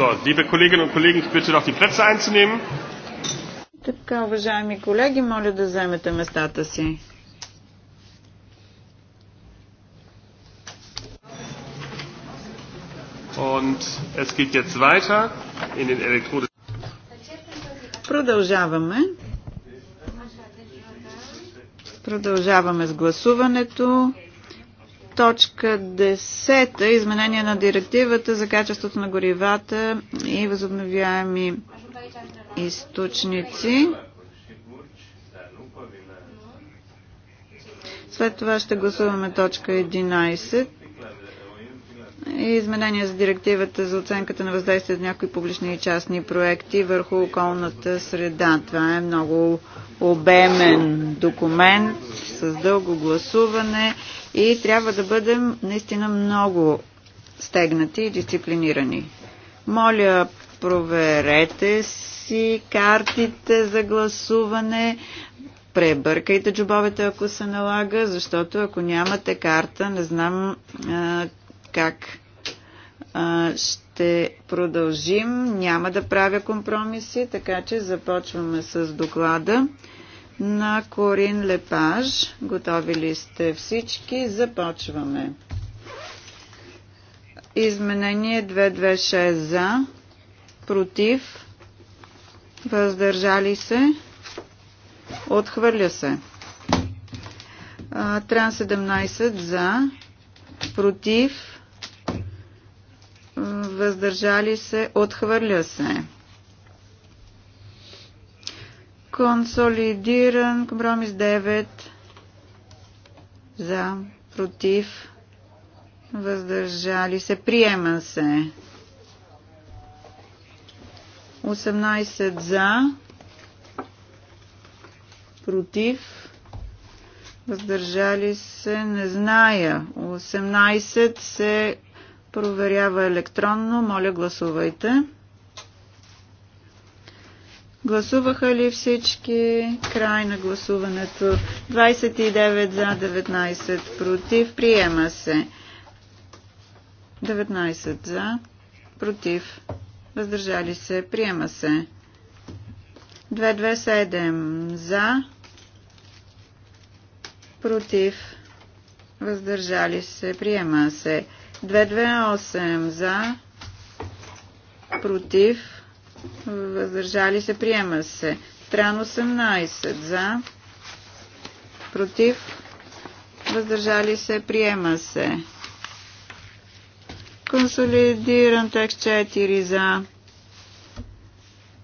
So, liebe Kolleginnen und Kollegen, ich bitte doch die Plätze einzunehmen. Така, уважаеми колеги, моля да вземете местата си. Und es geht jetzt weiter in den Elektroden. Продължаваме. Продължаваме с гласуването точка 10. Изменение на директивата за качеството на горивата и възобновяеми източници. След това ще гласуваме точка 11 и изменения за директивата за оценката на въздействие на някои публични и частни проекти върху околната среда. Това е много обемен документ с дълго гласуване и трябва да бъдем наистина много стегнати и дисциплинирани. Моля, проверете си картите за гласуване, пребъркайте джобовете, ако се налага, защото ако нямате карта, не знам а, как а, ще продължим. Няма да правя компромиси, така че започваме с доклада на Корин Лепаж. Готови ли сте всички? Започваме. Изменение 226 за, против, въздържали се, отхвърля се. Тран 17 за, против, въздържали се, отхвърля се. Консолидиран компромис 9 за, против, въздържали се, приема се. 18 за, против, въздържали се, не зная. 18 се проверява електронно. Моля, гласувайте. Гласуваха ли всички? Край на гласуването. 29 за, 19 против. Приема се. 19 за, против. Въздържали се. Приема се. 227 за, против. Въздържали се. Приема се. 228 за, против въздържали се, приема се. Стран 18 за, против, въздържали се, приема се. Консолидиран текст 4 за,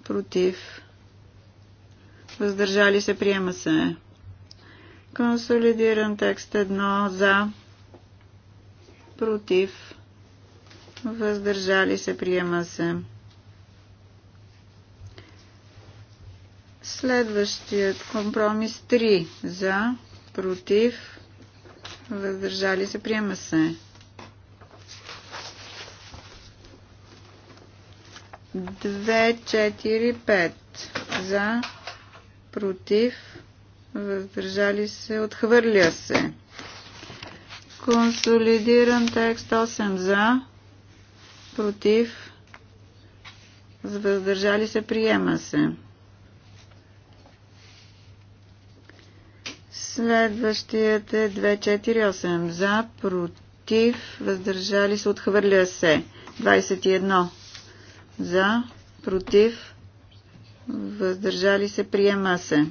против, въздържали се, приема се. Консолидиран текст 1 за, против, въздържали се, приема се. Следващият компромис 3 за, против, въздържали се, приема се. 2, 4, 5 за, против, въздържали се, отхвърля се. Консолидиран текст 8 за, против, въздържали се, приема се. Следващият е 248 за, против, въздържали се, отхвърля се. 21 за, против, въздържали се, приема се.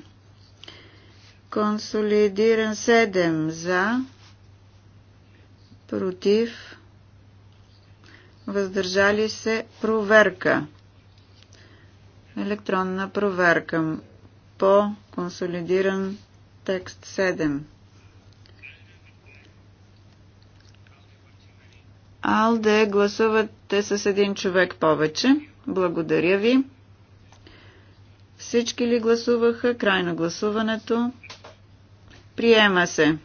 Консолидиран 7 за, против, въздържали се, проверка. Електронна проверка по консолидиран Текст 7. Алде, гласувате с един човек повече. Благодаря ви. Всички ли гласуваха? Край на гласуването. Приема се.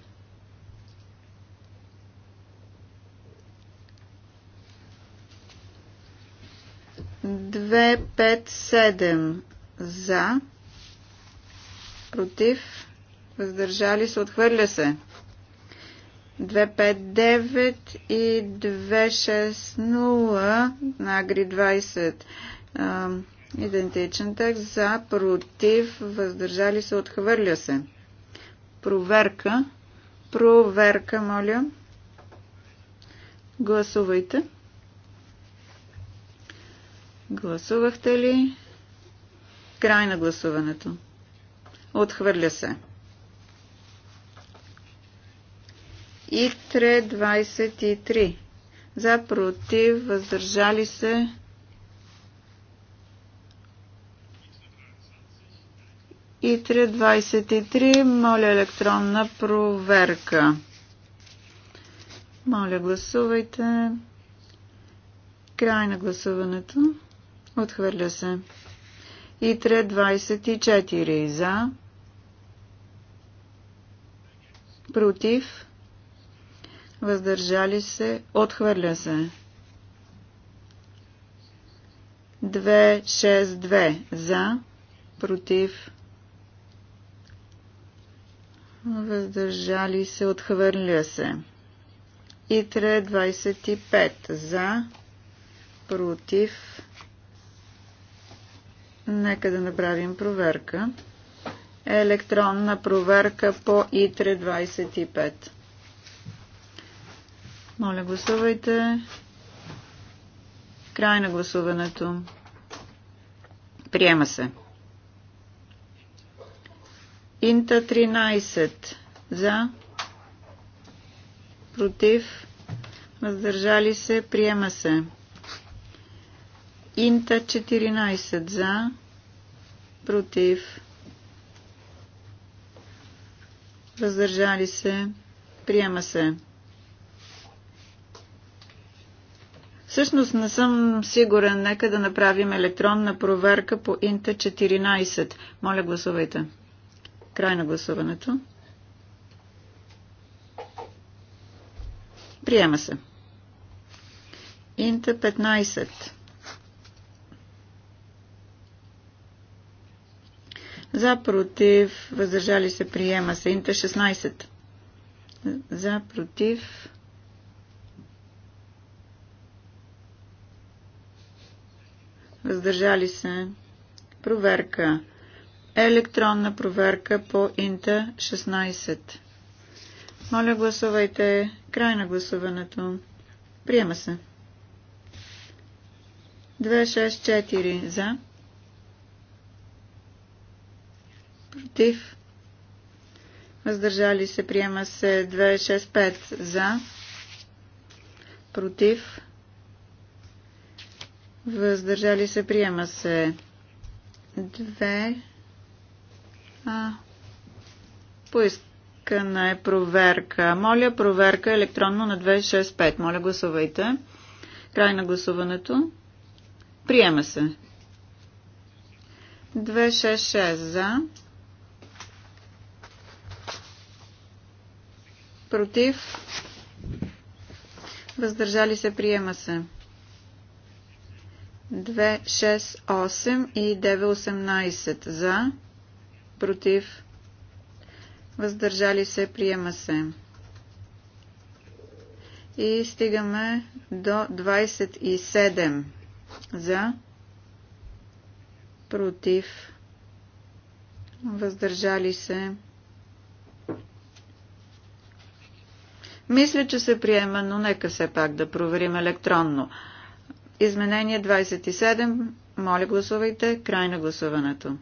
Две, пет, седем. За. Против въздържали се, отхвърля се. 259 и 260 на Агри 20. Идентичен текст за, против, въздържали се, отхвърля се. Проверка. Проверка, моля. Гласувайте. Гласувахте ли? Край на гласуването. Отхвърля се. ИТРЕ 23. За, против, въздържали се. ИТРЕ 23. Моля електронна проверка. Моля, гласувайте. Край на гласуването. Отхвърля се. ИТРЕ 24. За. Против въздържали се, отхвърля се. 2, 6, 2 за, против, въздържали се, отхвърля се. И 25 за, против. Нека да направим проверка. Електронна проверка по ИТРЕ 25. Моля, гласувайте. Край на гласуването. Приема се. Инта 13 за, против, въздържали се, приема се. Инта 14 за, против, въздържали се, приема се. Всъщност не съм сигурен. Нека да направим електронна проверка по Инта 14. Моля, гласувайте. Край на гласуването. Приема се. Инта 15. За, против, въздържали се, приема се. Инта 16. За, против, въздържали се. Проверка. Електронна проверка по Инта 16. Моля, гласувайте. Край на гласуването. Приема се. 264 за. Против. Въздържали се. Приема се. 265 за. Против Въздържали се. Приема се. 2. А. Поискана е проверка. Моля, проверка електронно на 265. Моля, гласувайте. Край на гласуването. Приема се. 266 за. Против. Въздържали се. Приема се. 268 и 918 за, против, въздържали се, приема се. И стигаме до 27 за, против, въздържали се. Мисля, че се приема, но нека все пак да проверим електронно. Изменение 27. Моля гласувайте. Край на гласуването.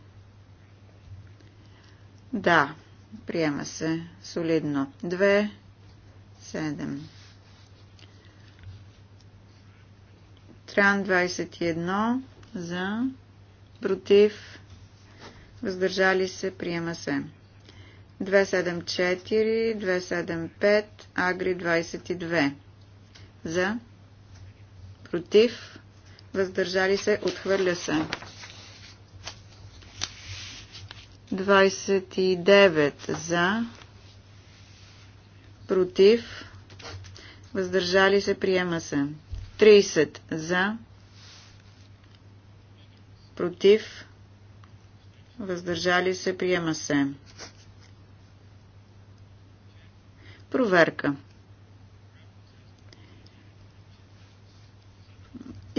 Да, приема се солидно. 2, 7. Тран 21 за, против, въздържали се, приема се. 274, 275, Агри 22 за, против, въздържали се, отхвърля се. 29 за, против, въздържали се, приема се. 30 за, против, въздържали се, приема се. Проверка.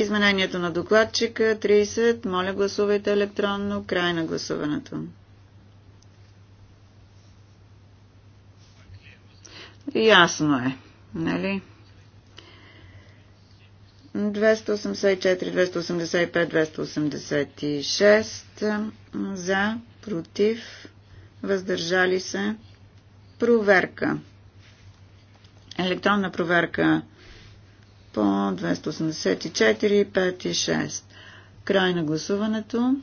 Изменението на докладчика 30. Моля гласувайте електронно. Край на гласуването. Ясно е, нали? 284, 285, 286 за, против, въздържали се. Проверка. Електронна проверка по 284, 5 6. Край на гласуването.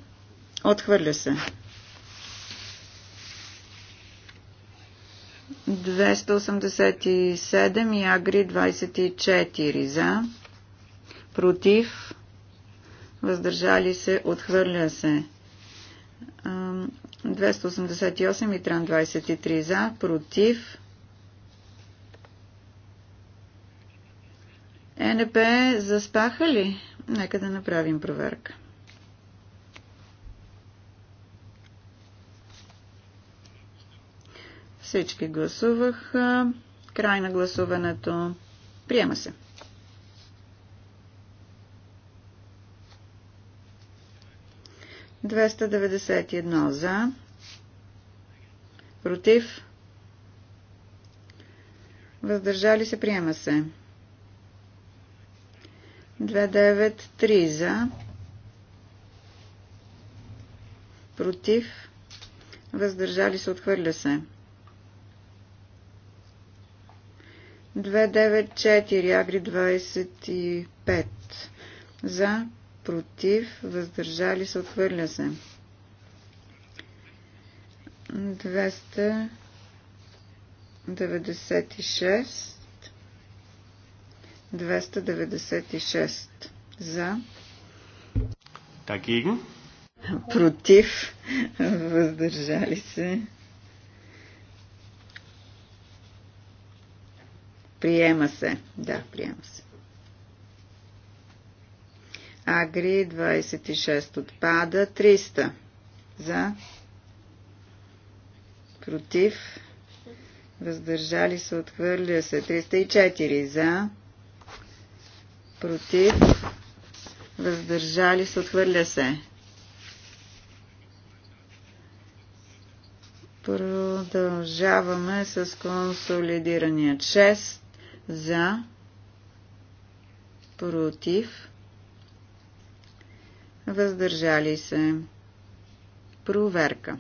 Отхвърля се. 287 и Агри 24 за. Против. Въздържали се. Отхвърля се. 288 и Тран 23 за. Против НП заспаха ли? Нека да направим проверка. Всички гласуваха. Край на гласуването. Приема се. Двеста едно за. Против. Въздържали се. Приема се. 293 за, против, въздържали се, отхвърля се. 294, Агри 25 за, против, въздържали се, отхвърля се. 296 296 за. Dagegen? Против. Въздържали се. Приема се. Да, приема се. Агри 26 отпада. 300 за. Против. Въздържали се. Отхвърля се. 304 за против, въздържали се, отхвърля се. Продължаваме с консолидирания 6 за, против, въздържали се. Проверка.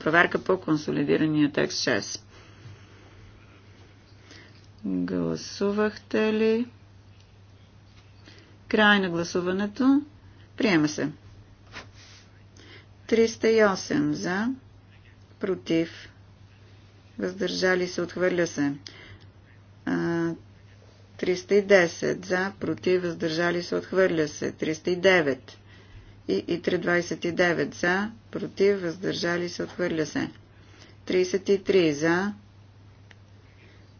Проверка по консолидирания текст 6. Гласувахте ли? Край на гласуването. Приема се. 308 за, против, въздържали се, отхвърля се. 310 за, против, въздържали се, отхвърля се. 309 и, и 329 за, против, въздържали се, отхвърля се. 33 за,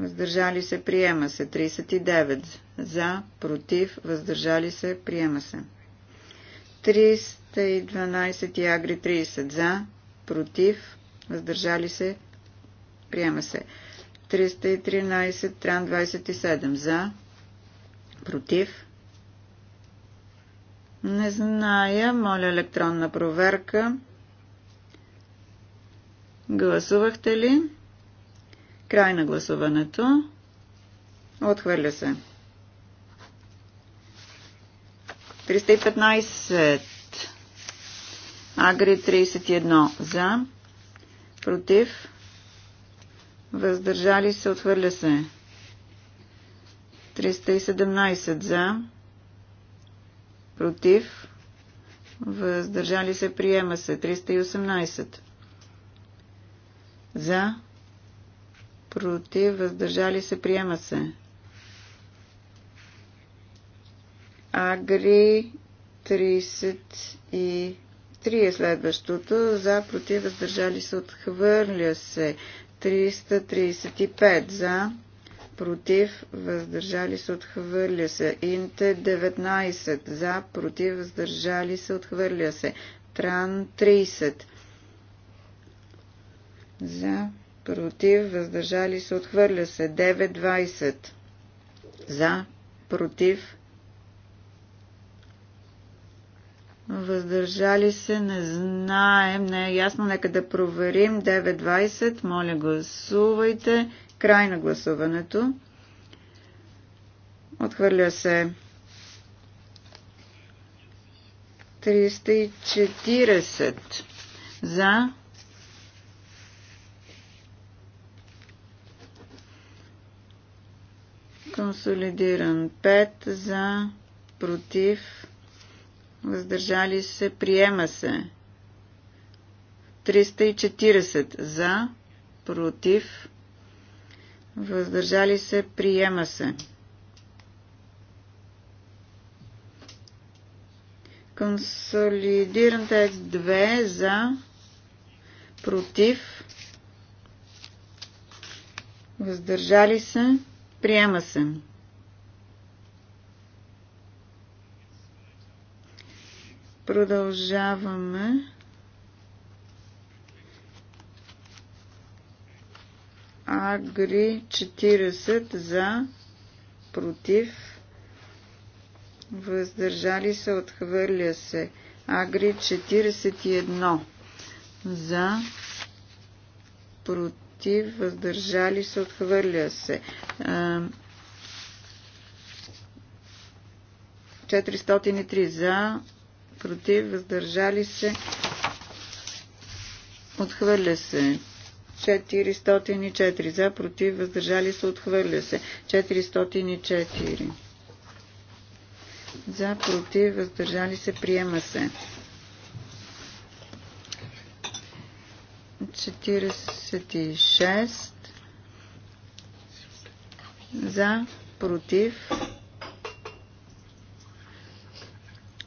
въздържали се, приема се. 39 за, против, въздържали се, приема се. 312 и Агри 30 за, против, въздържали се, приема се. 313 Тран 27 за, против. Не зная, моля електронна проверка. Гласувахте ли? Край на гласуването. Отхвърля се. 315. Агри 31. За. Против. Въздържали се. Отхвърля се. 317. За. Против. Въздържали се. Приема се. 318. За против, въздържали се, приема се. Агри 33 е следващото. За, против, въздържали се, отхвърля се. 335 за, против, въздържали се, отхвърля се. Инте 19 за, против, въздържали се, отхвърля се. Тран 30 за, против, въздържали се, отхвърля се. 9.20 за, против, въздържали се, не знаем, не е ясно, нека да проверим. 9.20, моля гласувайте. Край на гласуването. Отхвърля се. 340 за Консолидиран 5 за, против, въздържали се, приема се. 340 за, против, въздържали се, приема се. Консолидиран 2 за, против, въздържали се, Приема се. Продължаваме. Агри 40 за против. Въздържали се, отхвърля се. Агри 41 за против против, въздържали се, отхвърля се. 403 за, против, въздържали се, отхвърля се. 404 за, против, въздържали се, отхвърля се. 404 за, против, въздържали се, приема се. 46 за, против.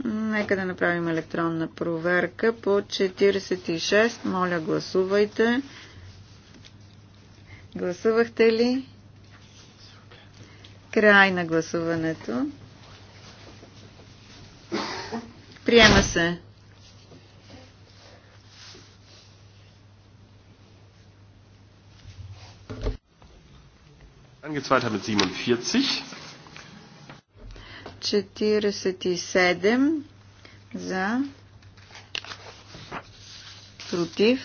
Нека да направим електронна проверка по 46. Моля, гласувайте. Гласувахте ли? Край на гласуването. Приема се. Angezweiter mit 47. 47 за против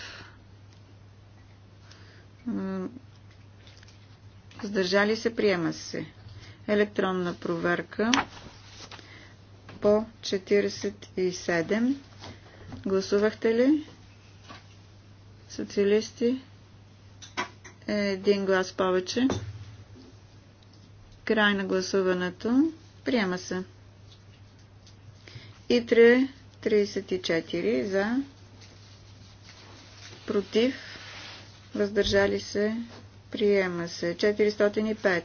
Сдържали се приема се електронна проверка по 47 гласувахте ли социалисти един глас повече Край на гласуването. Приема се. И 3, 34 за. Против. Въздържали се. Приема се. 405.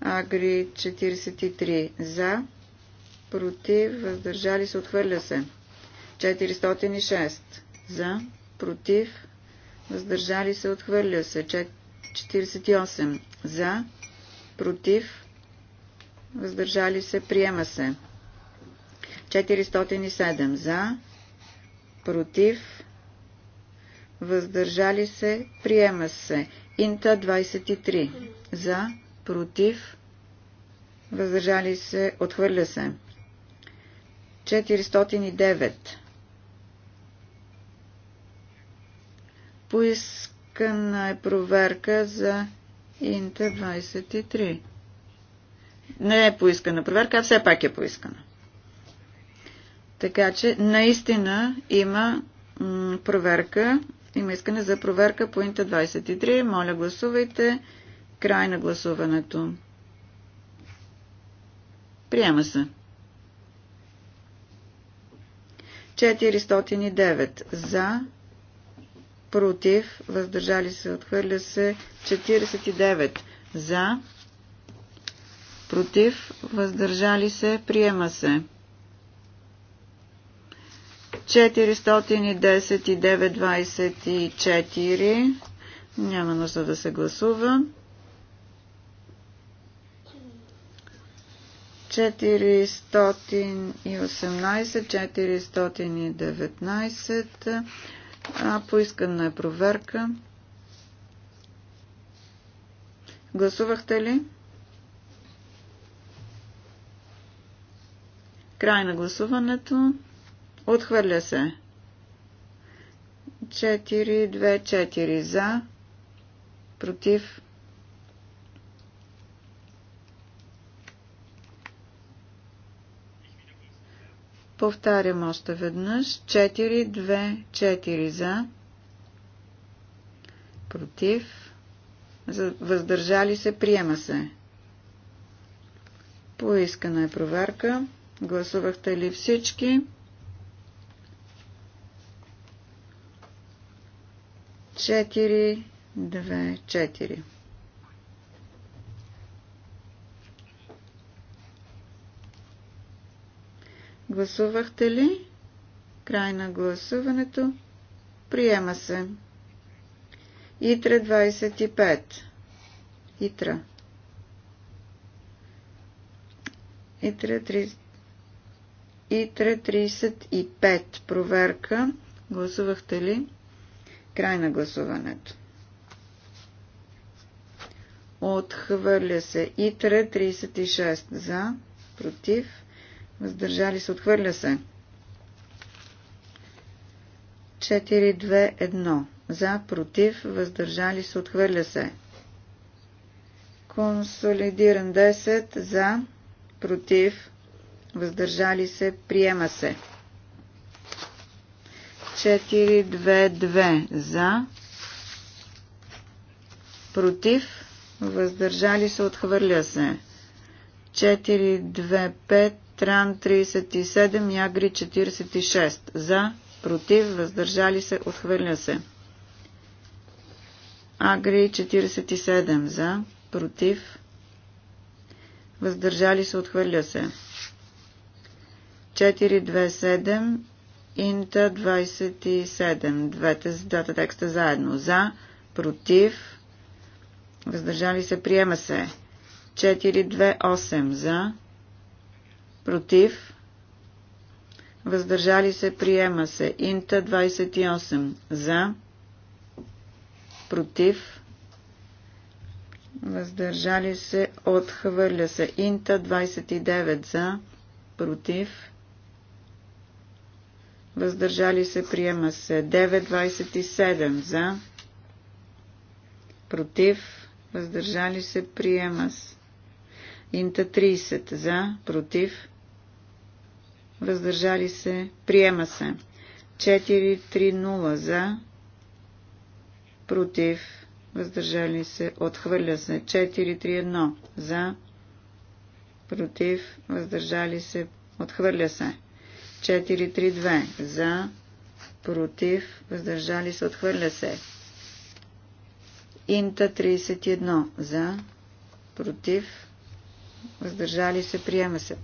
Агри 43 за. Против. Въздържали се. Отхвърля се. 406 за. Против. Въздържали се. Отхвърля се. 48 за против, въздържали се, приема се. 407 за, против, въздържали се, приема се. Инта 23 за, против, въздържали се, отхвърля се. 409 Поискана е проверка за Инте 23. Не е поискана проверка, а все пак е поискана. Така че наистина има проверка, има искане за проверка по Инте 23. Моля гласувайте. Край на гласуването. Приема се. 409 за, против, въздържали се, отхвърля се 49 за, против, въздържали се, приема се. 410,9,24 няма нужда да се гласува. 418, 419 а, поискана е проверка. Гласувахте ли? Край на гласуването. Отхвърля се. 4, 2, 4 за. Против. Повтарям още веднъж. 4, 2, 4 за. Против. Въздържали се. Приема се. Поискана е проверка. Гласувахте ли всички? 4, 2, 4. Гласувахте ли? Край на гласуването. Приема се. Итра 25. Итра. Итра 35. Проверка. Гласувахте ли? Край на гласуването. Отхвърля се. Итра 36. За. Против. Въздържали се. Отхвърля се. 4-2-1. За, против, въздържали се, отхвърля се. Консолидиран 10. За, против, въздържали се, приема се. 4-2-2. За, против, въздържали се, отхвърля се. 4-2-5. Тран 37 Ягри 46. За, против, въздържали се, отхвърля се. Агри 47. За, против, въздържали се, отхвърля се. 427 Инта 27. Двете, двата текста заедно. За, против, въздържали се, приема се. 428 за, против, въздържали се, приема се. Инта 28 за, против, въздържали се, отхвърля се. Инта 29 за, против, въздържали се, приема се. 9.27 за, против, въздържали се, приема се. Инта 30 за, против, въздържали се, приема се. 4-3-0 за, против, въздържали се, отхвърля се. 4-3-1 за, против, въздържали се, отхвърля се. 4-3-2 за, против, въздържали се, отхвърля се. Инта 31 за, против, въздържали се, приема се.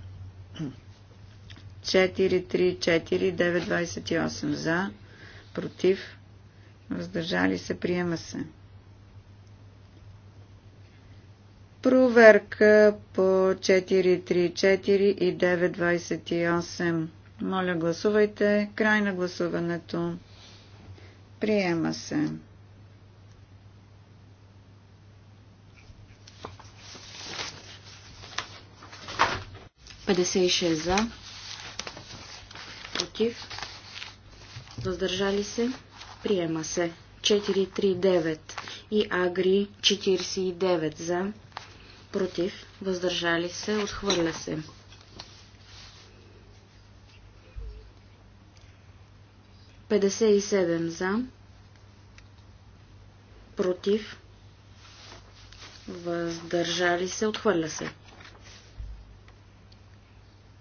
4-3-4-9-28 за, против, въздържали се, приема се. Проверка по 4-3-4 и 9-28. Моля, гласувайте. Край на гласуването. Приема се. Пъдесе и за против, въздържали се, приема се. 439 и Агри 49 за, против, въздържали се, отхвърля се. Петдесет и седем за, против, въздържали се, отхвърля се.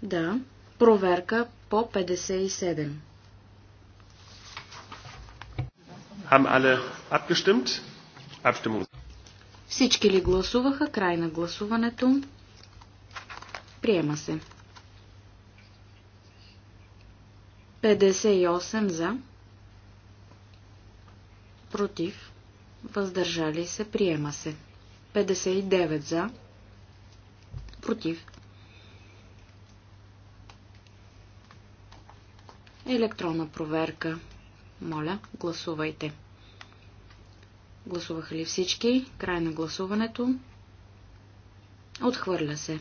Да, проверка по 57. Haben alle abgestimmt? Abstimmung. Всички ли гласуваха? Край на гласуването. Приема се. 58 за. Против. Въздържали се. Приема се. 59 за. Против. Електронна проверка. Моля, гласувайте. Гласуваха ли всички? Край на гласуването. Отхвърля се.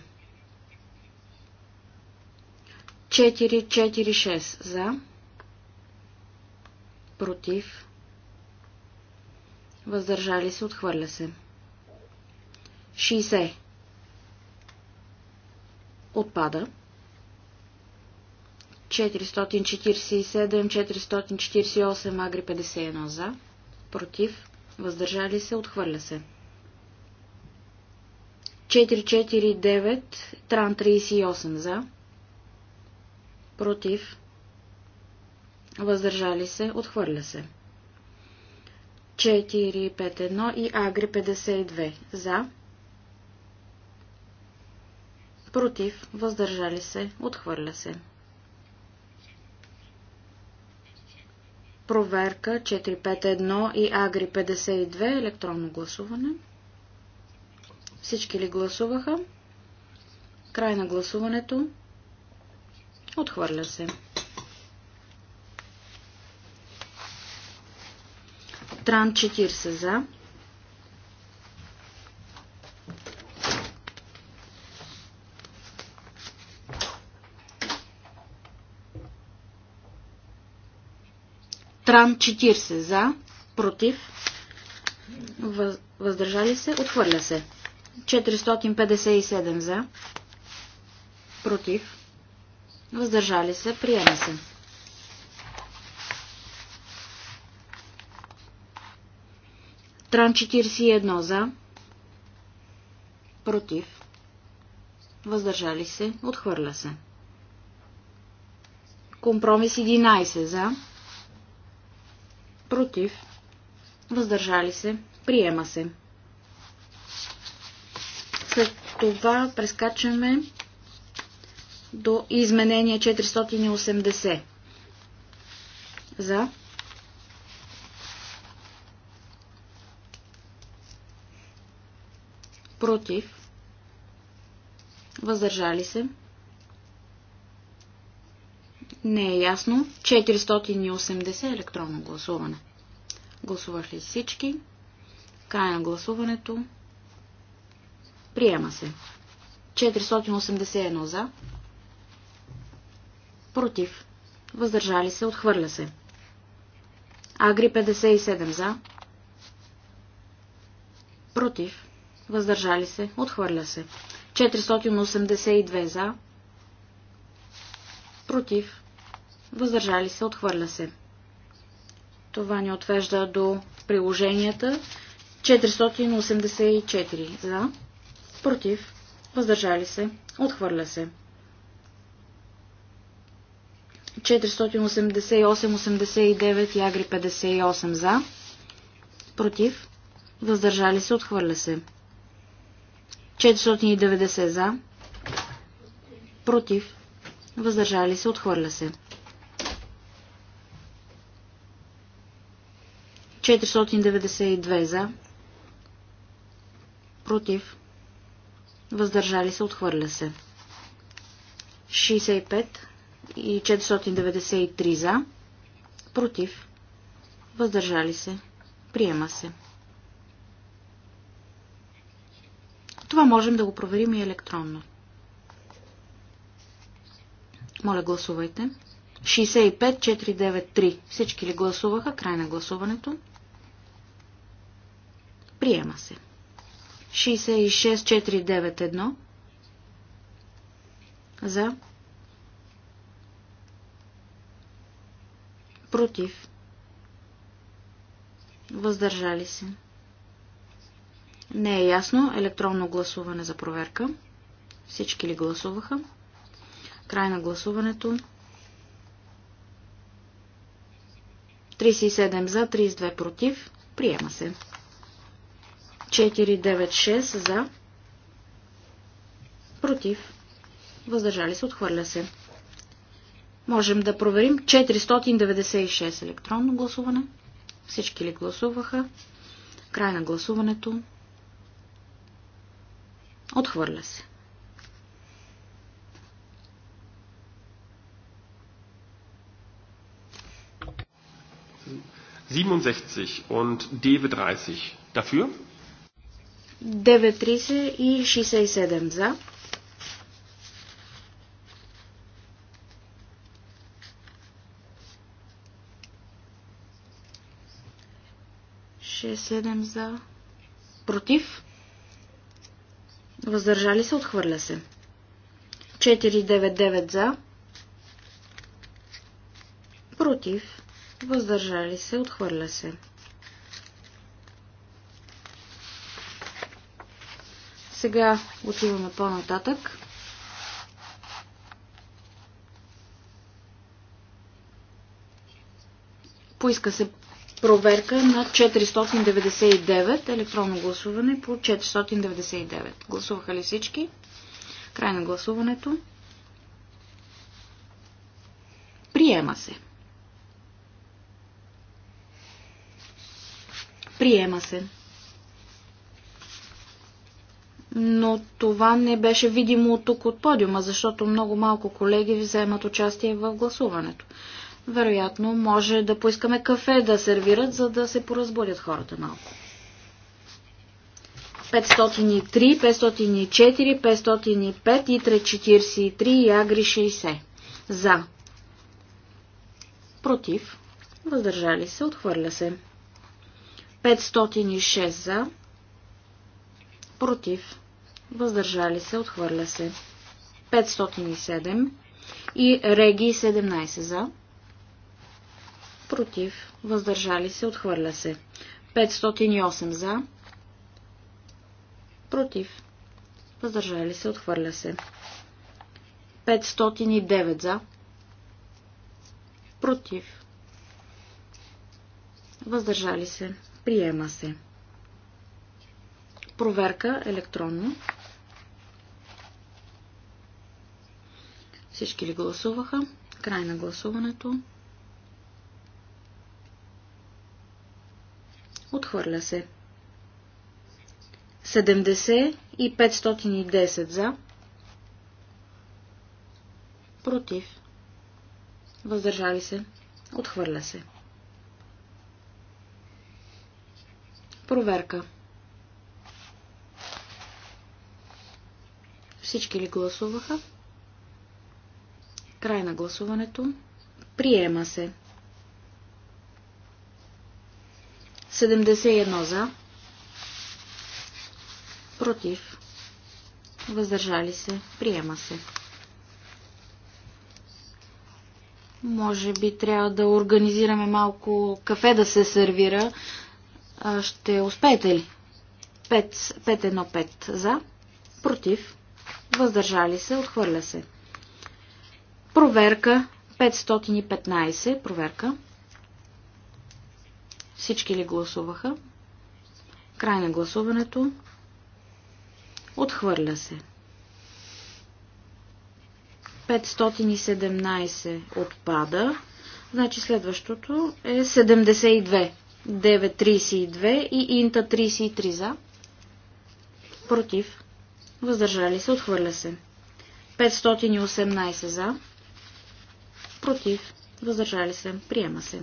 4-4-6 за. Против. Въздържали се. Отхвърля се. 60. Отпада. 447, 448, Агри 51 за, против, въздържали се, отхвърля се. 449, Тран 38 за, против, въздържали се, отхвърля се. 451 и Агри 52 за, против, въздържали се, отхвърля се. Проверка 451 и Агри 52. Електронно гласуване. Всички ли гласуваха? Край на гласуването. Отхвърля се. Тран 40 за. Тран 40 за, против, въздържали се, отхвърля се. 457 за, против, въздържали се, приема се. Тран 41 за, против, въздържали се, отхвърля се. Компромис 11 за, против, въздържали се, приема се. След това прескачаме до изменение 480. За. Против. Въздържали се. Не е ясно. 480 електронно гласуване. Гласувах ли всички? Край на гласуването. Приема се. 481 за. Против. Въздържали се. Отхвърля се. Агри 57 за. Против. Въздържали се. Отхвърля се. 482 за. Против въздържали се, отхвърля се. Това ни отвежда до приложенията 484 за, против, въздържали се, отхвърля се. 488-89 и Агри 58 за, против, въздържали се, отхвърля се. 490 за, против, въздържали се, отхвърля се. 492 за, против, въздържали се, отхвърля се. 65 и 493 за, против, въздържали се, приема се. Това можем да го проверим и електронно. Моля, гласувайте. 65-493. Всички ли гласуваха? Край на гласуването. Приема се. 66491 за против въздържали се. Не е ясно. Електронно гласуване за проверка. Всички ли гласуваха? Край на гласуването. 37 за, 32 против. Приема се. 496 за, против, въздържали се, отхвърля се. Можем да проверим 496 електронно гласуване. Всички ли гласуваха? Край на гласуването. Отхвърля се. und DW 30. Dafür? 9.30 и 67 за. седем за. Против. Въздържали се, отхвърля се. 499 за. Против. Въздържали се, отхвърля се. Сега отиваме по-нататък. Поиска се проверка на 499, електронно гласуване по 499. Гласуваха ли всички? Край на гласуването. Приема се. Приема се но това не беше видимо тук от подиума, защото много малко колеги вземат участие в гласуването. Вероятно, може да поискаме кафе да сервират, за да се поразбудят хората малко. 503, 504, 505 и 343 и Агри 60. За. Против. Въздържали се. Отхвърля се. 506 за против, въздържали се, отхвърля се. 507 и Реги 17 за, против, въздържали се, отхвърля се. 508 за, против, въздържали се, отхвърля се. 509 за, против, въздържали се, приема се. Проверка електронно. Всички ли гласуваха? Край на гласуването. Отхвърля се. 70 и 510 за. Против. Въздържали се. Отхвърля се. Проверка. Всички ли гласуваха? Край на гласуването. Приема се. 71 за. Против. Въздържали се. Приема се. Може би трябва да организираме малко кафе да се сервира. Ще успеете ли? 5-1-5 за. Против въздържали се, отхвърля се. Проверка 515, проверка. Всички ли гласуваха? Край на гласуването. Отхвърля се. 517 отпада. Значи следващото е 72. 932 и Инта 33 за. Против въздържали се, отхвърля се. 518 за, против, въздържали се, приема се.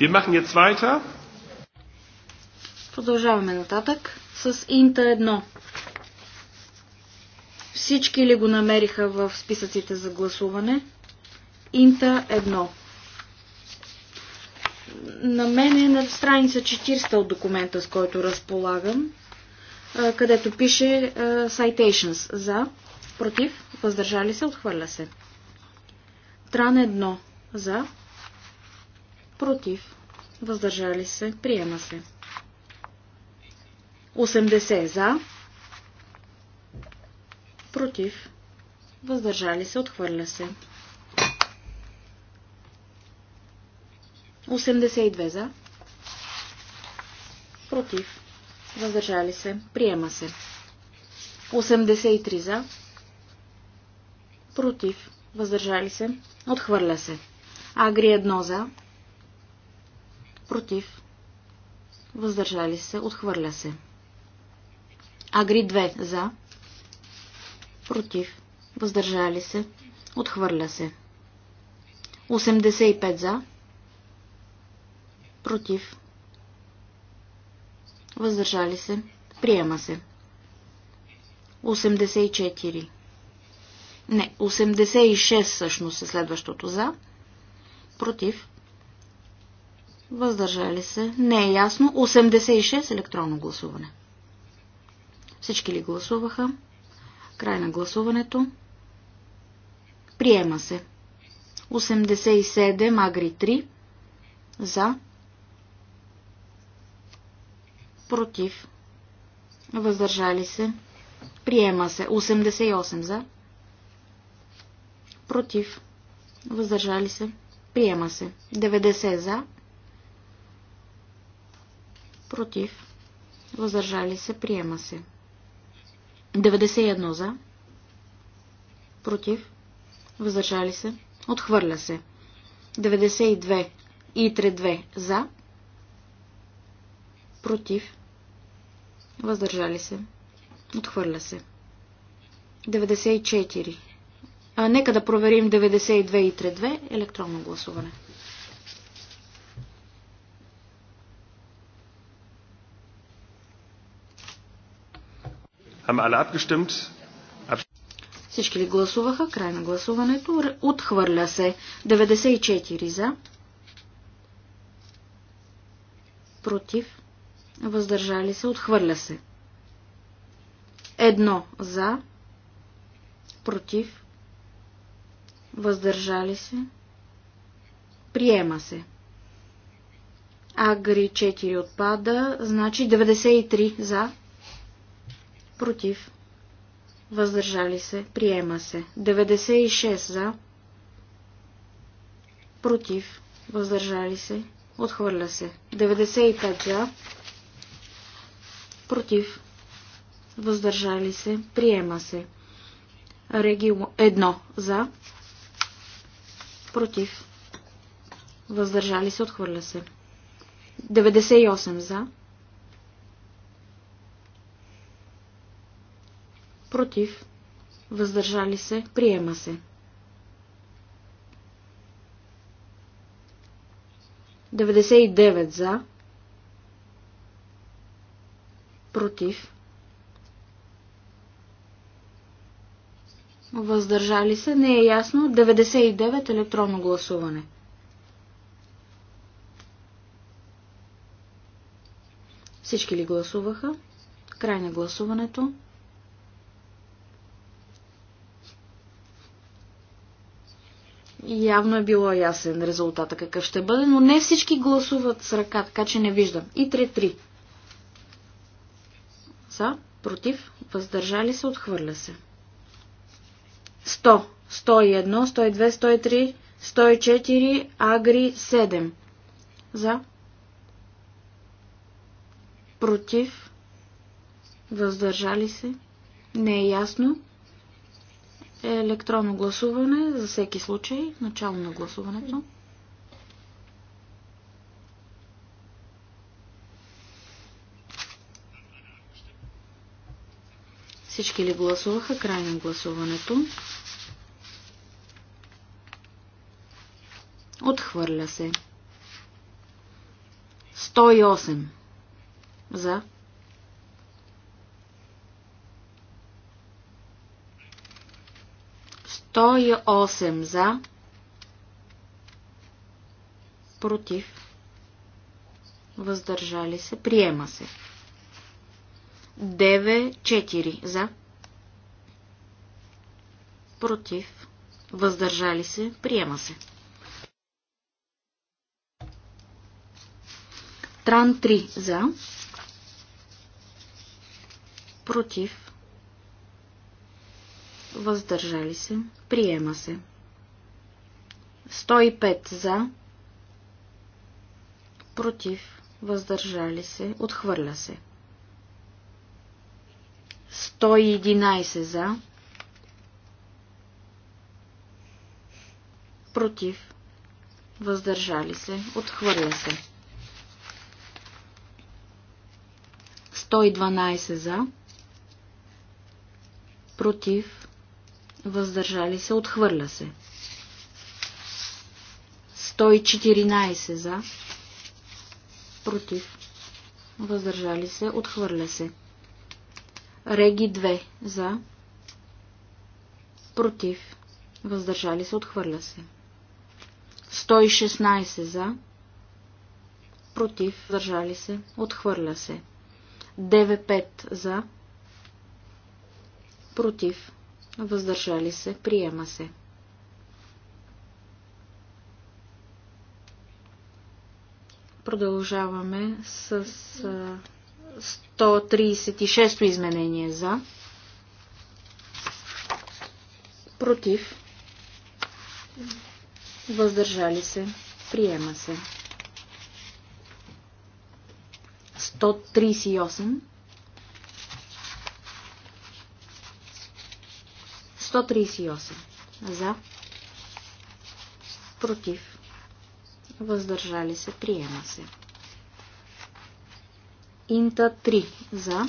Wir machen jetzt weiter. Продължаваме нататък с Инта 1. Всички ли го намериха в списъците за гласуване? Инта 1. На мен е на страница 40 от документа, с който разполагам, където пише Citations за, против, въздържали се, отхвърля се. Тран 1 за, против, въздържали се, приема се. 80 за, против, въздържали се, отхвърля се. 82 за, против, въздържали се, приема се. 83 за, против, въздържали се, отхвърля се. Агри 1 за, против, въздържали се, отхвърля се. Агри 2 за. Против. Въздържали се. Отхвърля се. 85 за. Против. Въздържали се. Приема се. 84. Не, 86 всъщност е следващото за. Против. Въздържали се. Не е ясно. 86 електронно гласуване. Всички ли гласуваха? Край на гласуването. Приема се. 87 Агри 3 за против въздържали се. Приема се. 88 за против въздържали се. Приема се. 90 за против въздържали се. Приема се. 91 за. Против. Въздържали се. Отхвърля се. 92 и 32 за. Против. Въздържали се. Отхвърля се. 94. А, нека да проверим 92 и 32 електронно гласуване. Всички ли гласуваха? Край на гласуването. Отхвърля се. 94 за. Против. Въздържали се. Отхвърля се. Едно за. Против. Въздържали се. Приема се. Агри 4 отпада, значи 93 за, против, въздържали се, приема се. 96 за, против, въздържали се, отхвърля се. 95 за, против, въздържали се, приема се. Реги 1 за, против, въздържали се, отхвърля се. 98 за, против, въздържали се, приема се. 99 за, против, въздържали се, не е ясно, 99 електронно гласуване. Всички ли гласуваха? Край на гласуването. Явно е било ясен резултата какъв ще бъде, но не всички гласуват с ръка, така че не виждам. И 3-3. За, против, въздържали се, отхвърля се. 100, 101, 102, 103, 104, агри 7. За, против, въздържали се, не е ясно, е електронно гласуване за всеки случай. Начало на гласуването. Всички ли гласуваха? Край на гласуването. Отхвърля се. 108 за 108 за, против, въздържали се, приема се. 9-4 за, против, въздържали се, приема се. Тран 3 за, против, въздържали се, приема се. 105 за, против, въздържали се, отхвърля се. 111 за, против, въздържали се, отхвърля се. 112 за, против, въздържали се, отхвърля се. 114 за, против, въздържали се, отхвърля се. Реги 2 за, против, въздържали се, отхвърля се. 116 за, против, въздържали се, отхвърля се. 95 за, против, въздържали се, приема се. Продължаваме с 136 изменение за, против, въздържали се, приема се. 138 138. За. Против. Въздържали се. Приема се. Инта 3. За.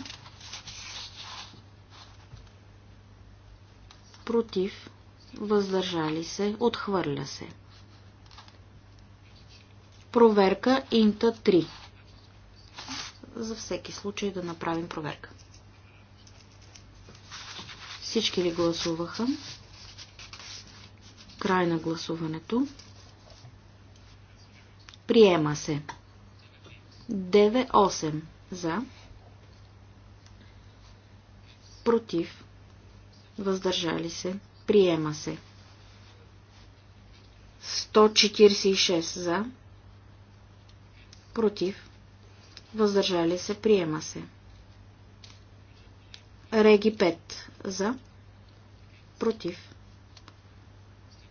Против. Въздържали се. Отхвърля се. Проверка Инта 3. За всеки случай да направим проверка. Всички ли гласуваха? Край на гласуването. Приема се. 9-8 за. Против. Въздържали се. Приема се. 146 за. Против. Въздържали се. Приема се. Реги 5 за. Против.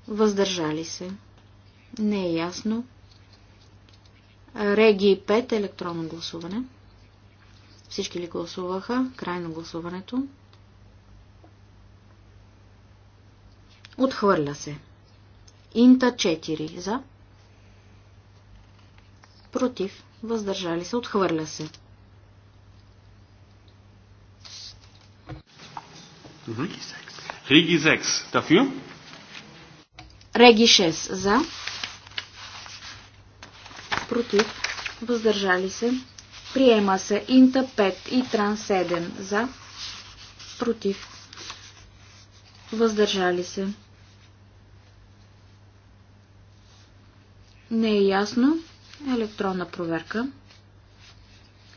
Въздържали се. Не е ясно. Реги 5 електронно гласуване. Всички ли гласуваха? Край на гласуването. Отхвърля се. Инта 4 за. Против. Въздържали се. Отхвърля се. Mhm. Regi 6. Dafür? Реги 6. За. Против. Въздържали се. Приема се Инта 5 и Тран 7. За. Против. Въздържали се. Не е ясно. Електронна проверка.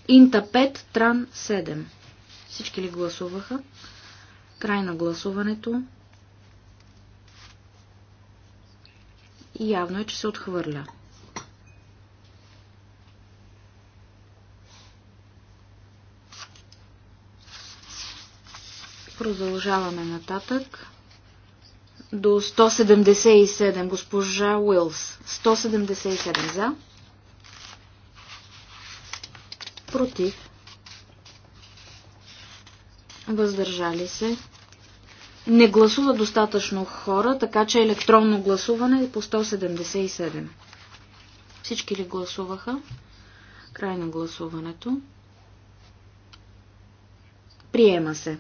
Инта 5, Тран 7. Всички ли гласуваха? Край на гласуването. И явно е, че се отхвърля. Продължаваме нататък до 177. Госпожа Уилс. 177 за. Против. Въздържали се не гласува достатъчно хора, така че електронно гласуване е по 177. Всички ли гласуваха? Край на гласуването. Приема се.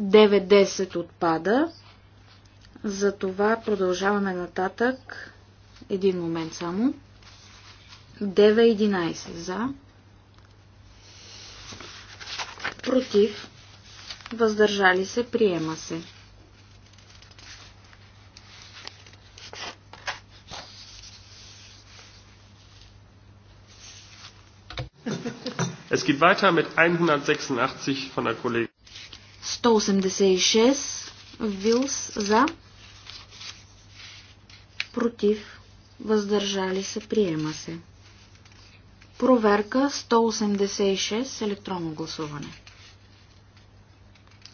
9-10 отпада. Затова продължаваме нататък. Един момент само. 9-11 за. Против въздържали се, приема се. Es geht weiter mit 186 von der Kollegin. 186 Вилс за против въздържали се приема се. Проверка 186 електронно гласуване.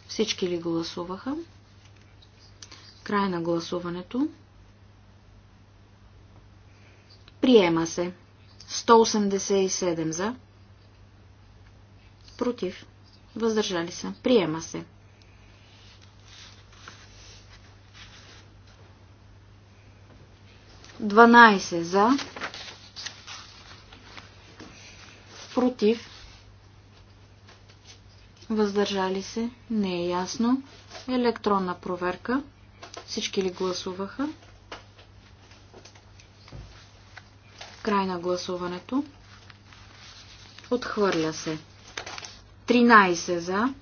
Всички ли гласуваха? Край на гласуването. Приема се. 187 за. Против. Въздържали се. Приема се. Дванайсе за. Против. Въздържали се? Не е ясно. Електронна проверка. Всички ли гласуваха? Край на гласуването. Отхвърля се. 13 за.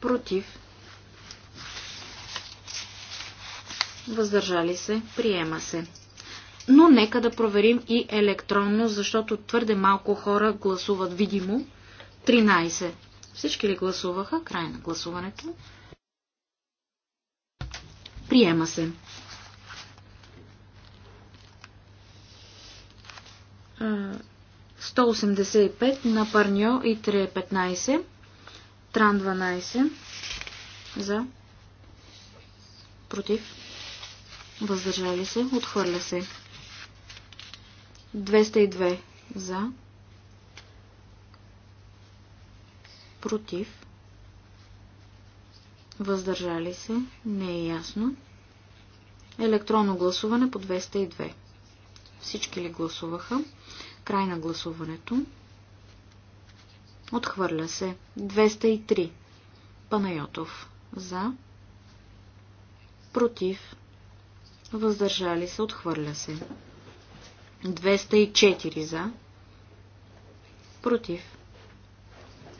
Против. Въздържали се. Приема се но нека да проверим и електронно, защото твърде малко хора гласуват видимо. 13. Всички ли гласуваха? Край на гласуването. Приема се. Uh, 185 на Парньо и 315. Е Тран 12. За. Против. Въздържали се. Отхвърля се. 202 за, против, въздържали се, не е ясно. Електронно гласуване по 202. Всички ли гласуваха? Край на гласуването. Отхвърля се. 203. Панайотов. За. Против. Въздържали се. Отхвърля се. 204 за. Против.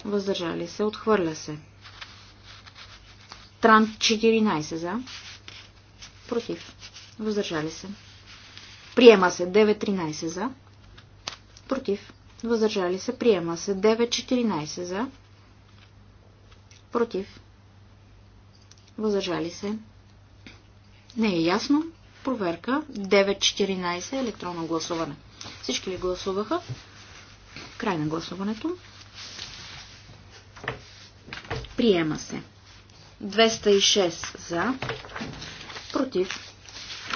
Въздържали се. Отхвърля се. Трант 14 за. Против. Въздържали се. Приема се 9.13 за. Против. Въздържали се. Приема се 9.14 за. Против. Въздържали се. Не е ясно. Проверка 9.14 електронно гласуване. Всички ли гласуваха? Край на гласуването. Приема се. 206 за. Против.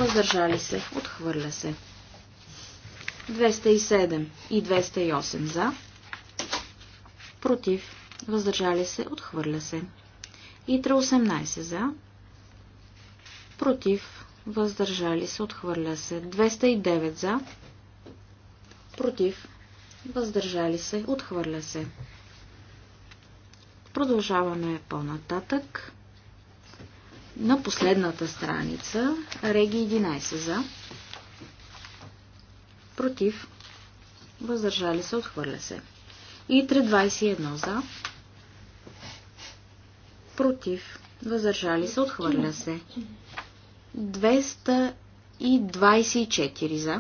Въздържали се. Отхвърля се. 207 и 208 за. Против. Въздържали се. Отхвърля се. Итра 18 за. Против въздържали се, отхвърля се. 209 за, против, въздържали се, отхвърля се. Продължаваме по-нататък. На последната страница, Реги 11 за, против, въздържали се, отхвърля се. И 321 за, против, въздържали се, отхвърля се. 224 за.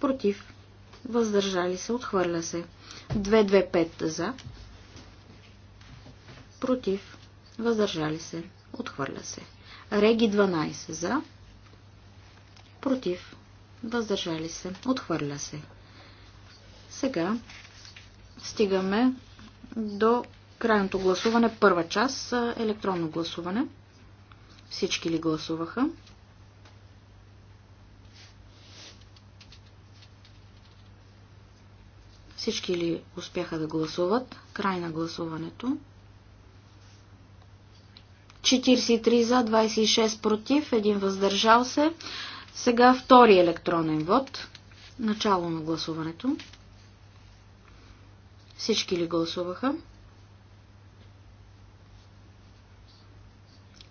Против. Въздържали се. Отхвърля се. 225 за. Против. Въздържали се. Отхвърля се. Реги 12 за. Против. Въздържали се. Отхвърля се. Сега стигаме до крайното гласуване. Първа част електронно гласуване. Всички ли гласуваха? Всички ли успяха да гласуват? Край на гласуването. 43 за, 26 против, един въздържал се. Сега втори електронен вод. Начало на гласуването. Всички ли гласуваха?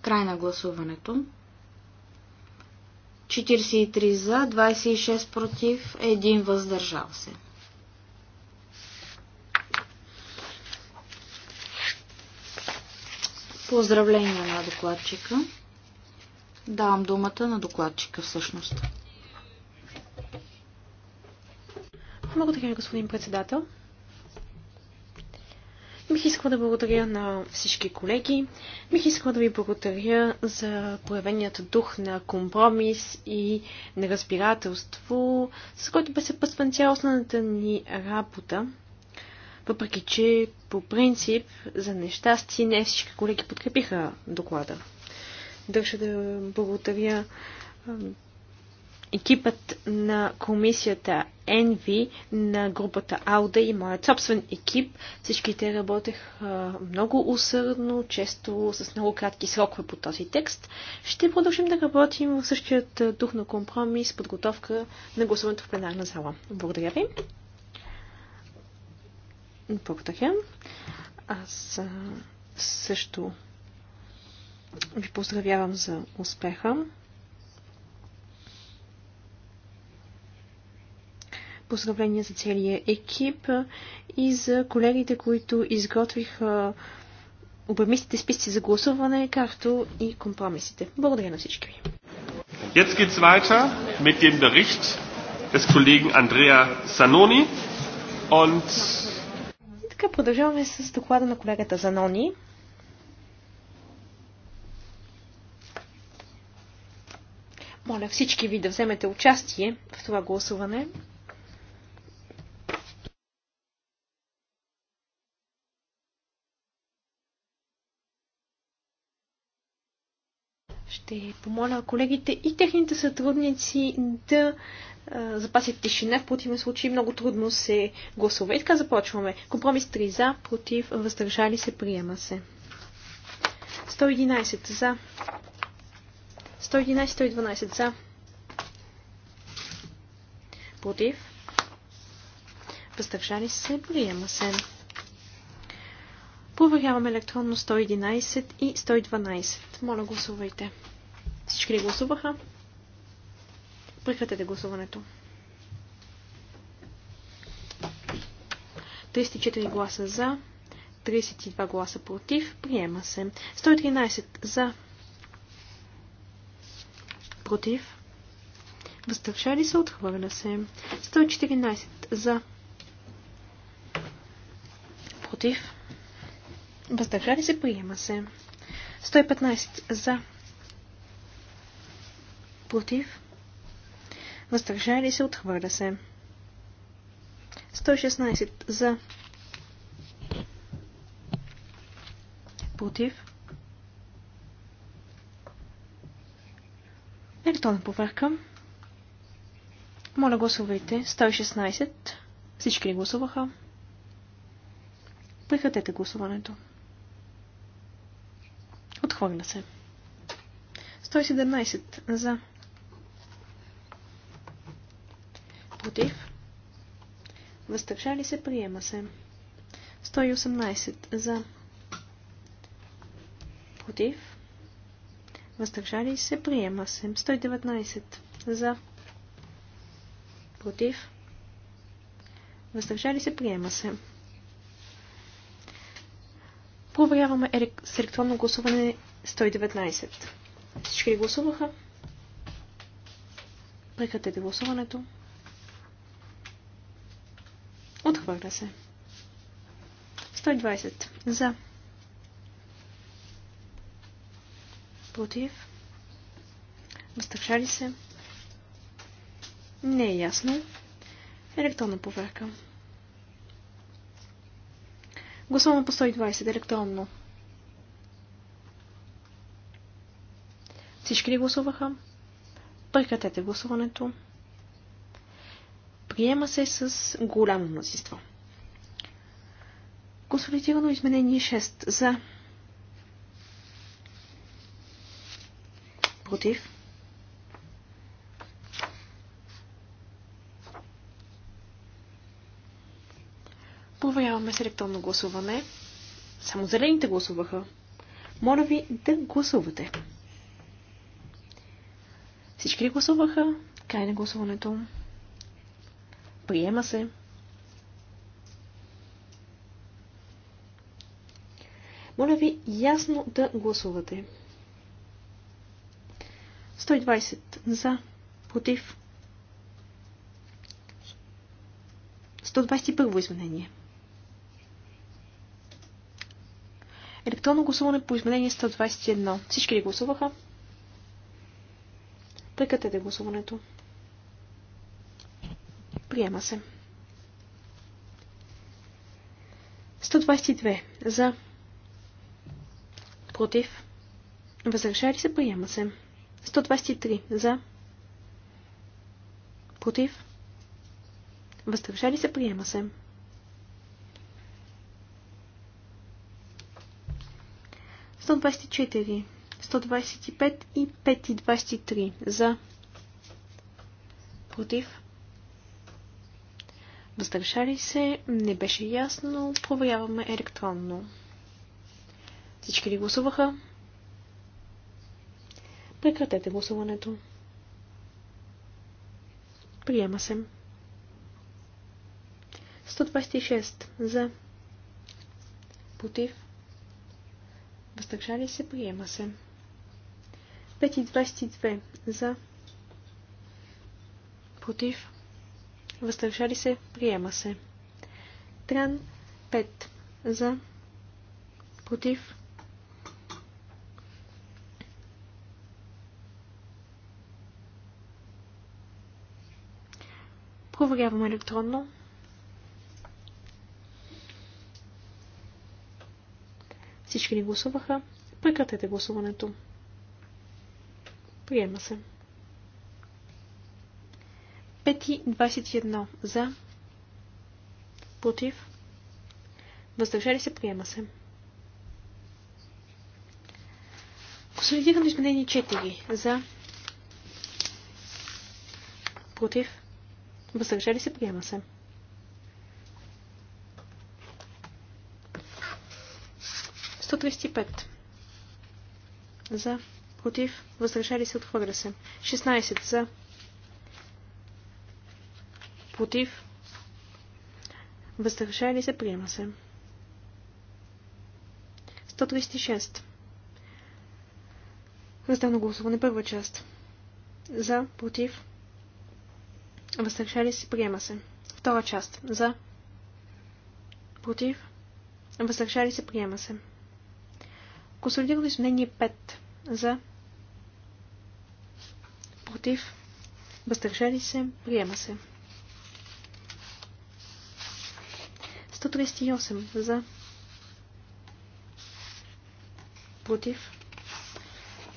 Край на гласуването. 43 за, 26 против, 1 въздържал се. Поздравление на докладчика. Давам думата на докладчика всъщност. Благодаря, господин председател. Бих искала да благодаря на всички колеги. Бих искала да ви благодаря за проявеният дух на компромис и на разбирателство, с който бе съпъсван цялостната ни работа. Въпреки, че по принцип за нещастие не всички колеги подкрепиха доклада. Държа да благодаря екипът на комисията Envy, на групата Ауда и моят собствен екип. Всичките работех много усърдно, често с много кратки срокове по този текст. Ще продължим да работим в същият дух на компромис, подготовка на гласуването в пленарна зала. Благодаря ви. Благодаря. Аз също ви поздравявам за успеха. Поздравления за целия екип и за колегите, които изготвиха обемистите списъци за гласуване, както и компромисите. Благодаря на всички ви. Jetzt geht's weiter mit dem Bericht des Kollegen Andrea Sanoni und така продължаваме с доклада на колегата Занони. Моля всички ви да вземете участие в това гласуване. Ще помоля колегите и техните сътрудници да а, запасят тишина. В противен случай много трудно се гласува. И така започваме. Компромис 3 за, против, въздържали се, приема се. 111 за. 111-112 за. Против. Въздържали се, приема се. Проверяваме електронно 111 и 112. Моля, гласувайте. Всички ли гласуваха? Прекратете гласуването. 34 гласа за, 32 гласа против. Приема се. 113 за. Против. Въздържали се, отхвърля се. 114 за. Против. Въздържали се, приема се. 115 за. Против. Въздържали се, отхвърля се. 116 за. Против. Електронна проверка. Моля гласувайте. 116. Всички ли гласуваха? Прекратете гласуването. Отхвърля се. 117 за. Против. Въздържали се, приема се. 118 за. Против. Въздържали се, приема се. 119 за. Против. Въздържали се, приема се. Проверяваме с електронно гласуване 119. Всички ли гласуваха? Прекратете гласуването. Отхвърля се. 120. За. Против. Въздържали се. Не е ясно. Електронна проверка. Гласуваме по 120 електронно. Всички ли гласуваха? Прекратете гласуването. Приема се с голямо мнозинство. Консолидирано изменение 6 за. Против. Проверяваме с електронно гласуване. Само зелените гласуваха. Моля ви да гласувате. Всички ли гласуваха? Край на гласуването. Приема се. Моля ви ясно да гласувате. 120 за, против. 121 изменение. Електронно гласуване по изменение 121. Всички ли гласуваха? Прекратете гласуването. Приема се. 122. За. Против. Възрешали се. Приема се. 123. За. Против. Въздържали се. Приема се. 124, 125 и 523 за против. Въздържали се, не беше ясно, проверяваме електронно. Всички ли гласуваха? Прекратете гласуването. Приема се. 126 за. Против. Въздържали се, приема се. 5.22 за. Против. Въздържали се, приема се. Тран 5 за. Против. Проверяваме електронно. Всички ни гласуваха? Прекратете гласуването. Приема се. 5.21. За. Против. Въздържали се. Приема се. Консолидирано изменение 4. За. Против. Въздържали се. Приема се. 135. За. Против. Въздържали се. Отхвърля се. 16. За. Против. Въздържали се. Приема се. 136. Разделно гласуване. Първа част. За. Против. Въздържали се. Приема се. Втора част. За. Против. Въздържали се. Приема се. Консолидирано мнение 5 за против, въздържали се, приема се. 138 за против,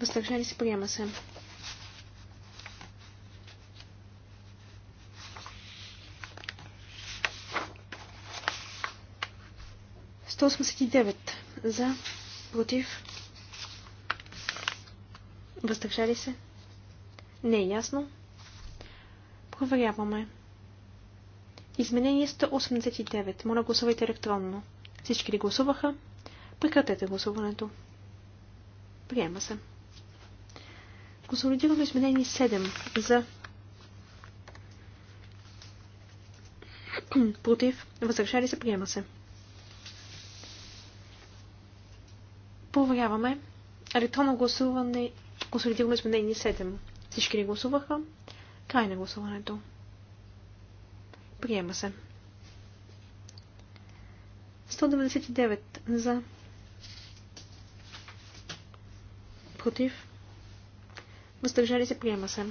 въздържали се, приема се. 189 за Против. Въздържали се? Не е ясно. Проверяваме. Изменение 189. Моля гласувайте електронно. Всички ли гласуваха? Прекратете гласуването. Приема се. Консолидирано изменение 7 за против, въздържали се, приема се. Проверяваме. Електронно гласуване, консолидирано изменение 7. Всички ли гласуваха? Край на гласуването. Приема се. 199 за. Против. Въздържали се. Приема се.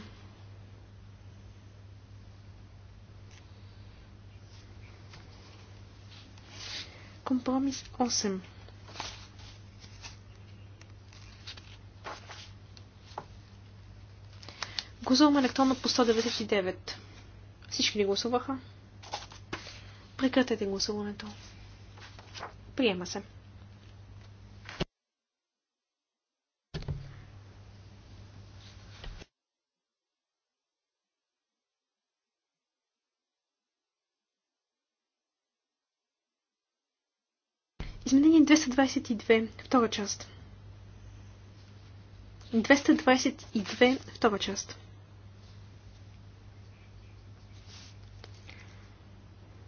Компромис 8. Гласуваме електронно по 199. Всички ли гласуваха? Прекратете гласуването. Приема се. Изменение 222, втора част. 222, втора част.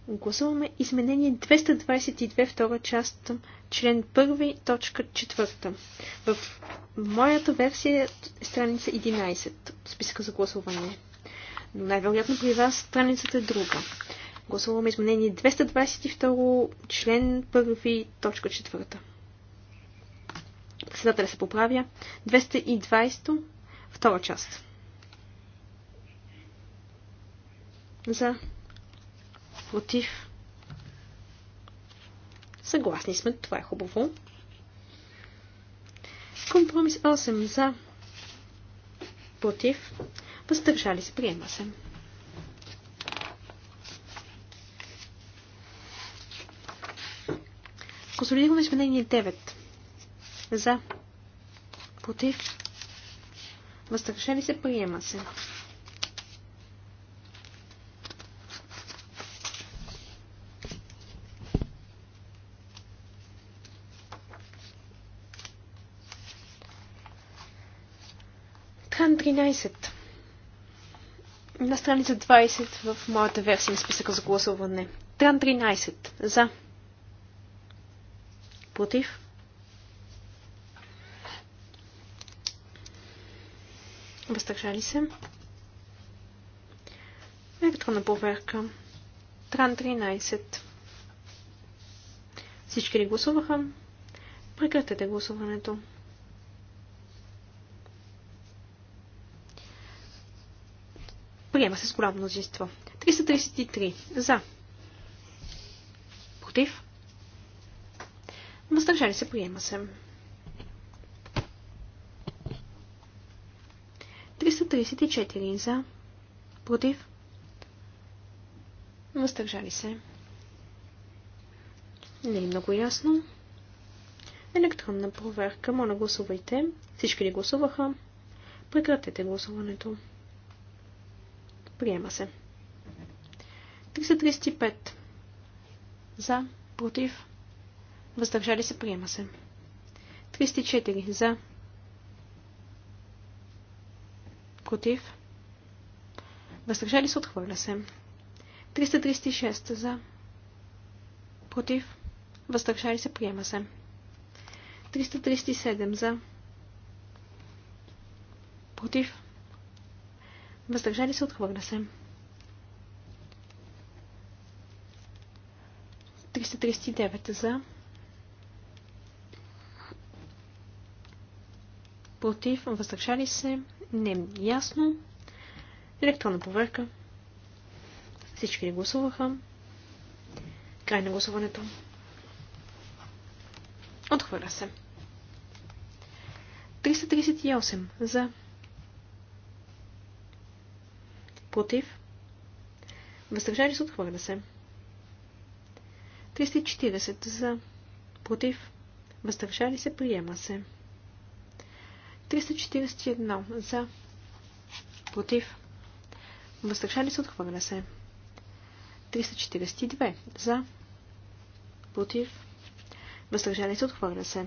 Гласуваме изменение 222 втора част, член 1, точка 4. В моята версия е страница 11, списка за гласуване. Но най-вероятно при вас страницата е друга. Гласуваме изменение 222, член 1, точка 4. Председателя се поправя. 220, втора част. За Против. Съгласни сме, това е хубаво. Компромис 8 за. Против. Въздържали се, приема се. Консолидирано изменение 9. За. Против. Въздържали се, приема се. 13. На страница 20 в моята версия на списъка за гласуване. Тран 13. За. Против. Въздържали се. Електронна проверка. Тран 13. Всички ли гласуваха? Прекратете гласуването. Приема се с голямо мнозинство. 333. За. Против. Въздържали се. Приема се. 334. За. Против. Въздържали се. Не е много ясно. Електронна проверка. Моля гласувайте. Всички ли гласуваха? Прекратете гласуването. Приема се. 335. За. Против. Въздържали се. Приема се. 304. За. Против. Въздържали се. Отхвърля се. 336. За. Против. Въздържали се. Приема се. 337. За. Против. Въздържали се, отхвърля се. 339 за. Против, въздържали се, не е ясно. Електронна проверка. Всички ли гласуваха? Край на гласуването. Отхвърля се. 338 за. Против. Въздържали се. Отхвърля се. 340 за. Против. Въздържали се. Приема се. 341 за. Против. Въздържали се. Отхвърля се. 342 за. Против. Въздържали се. Отхвърля се.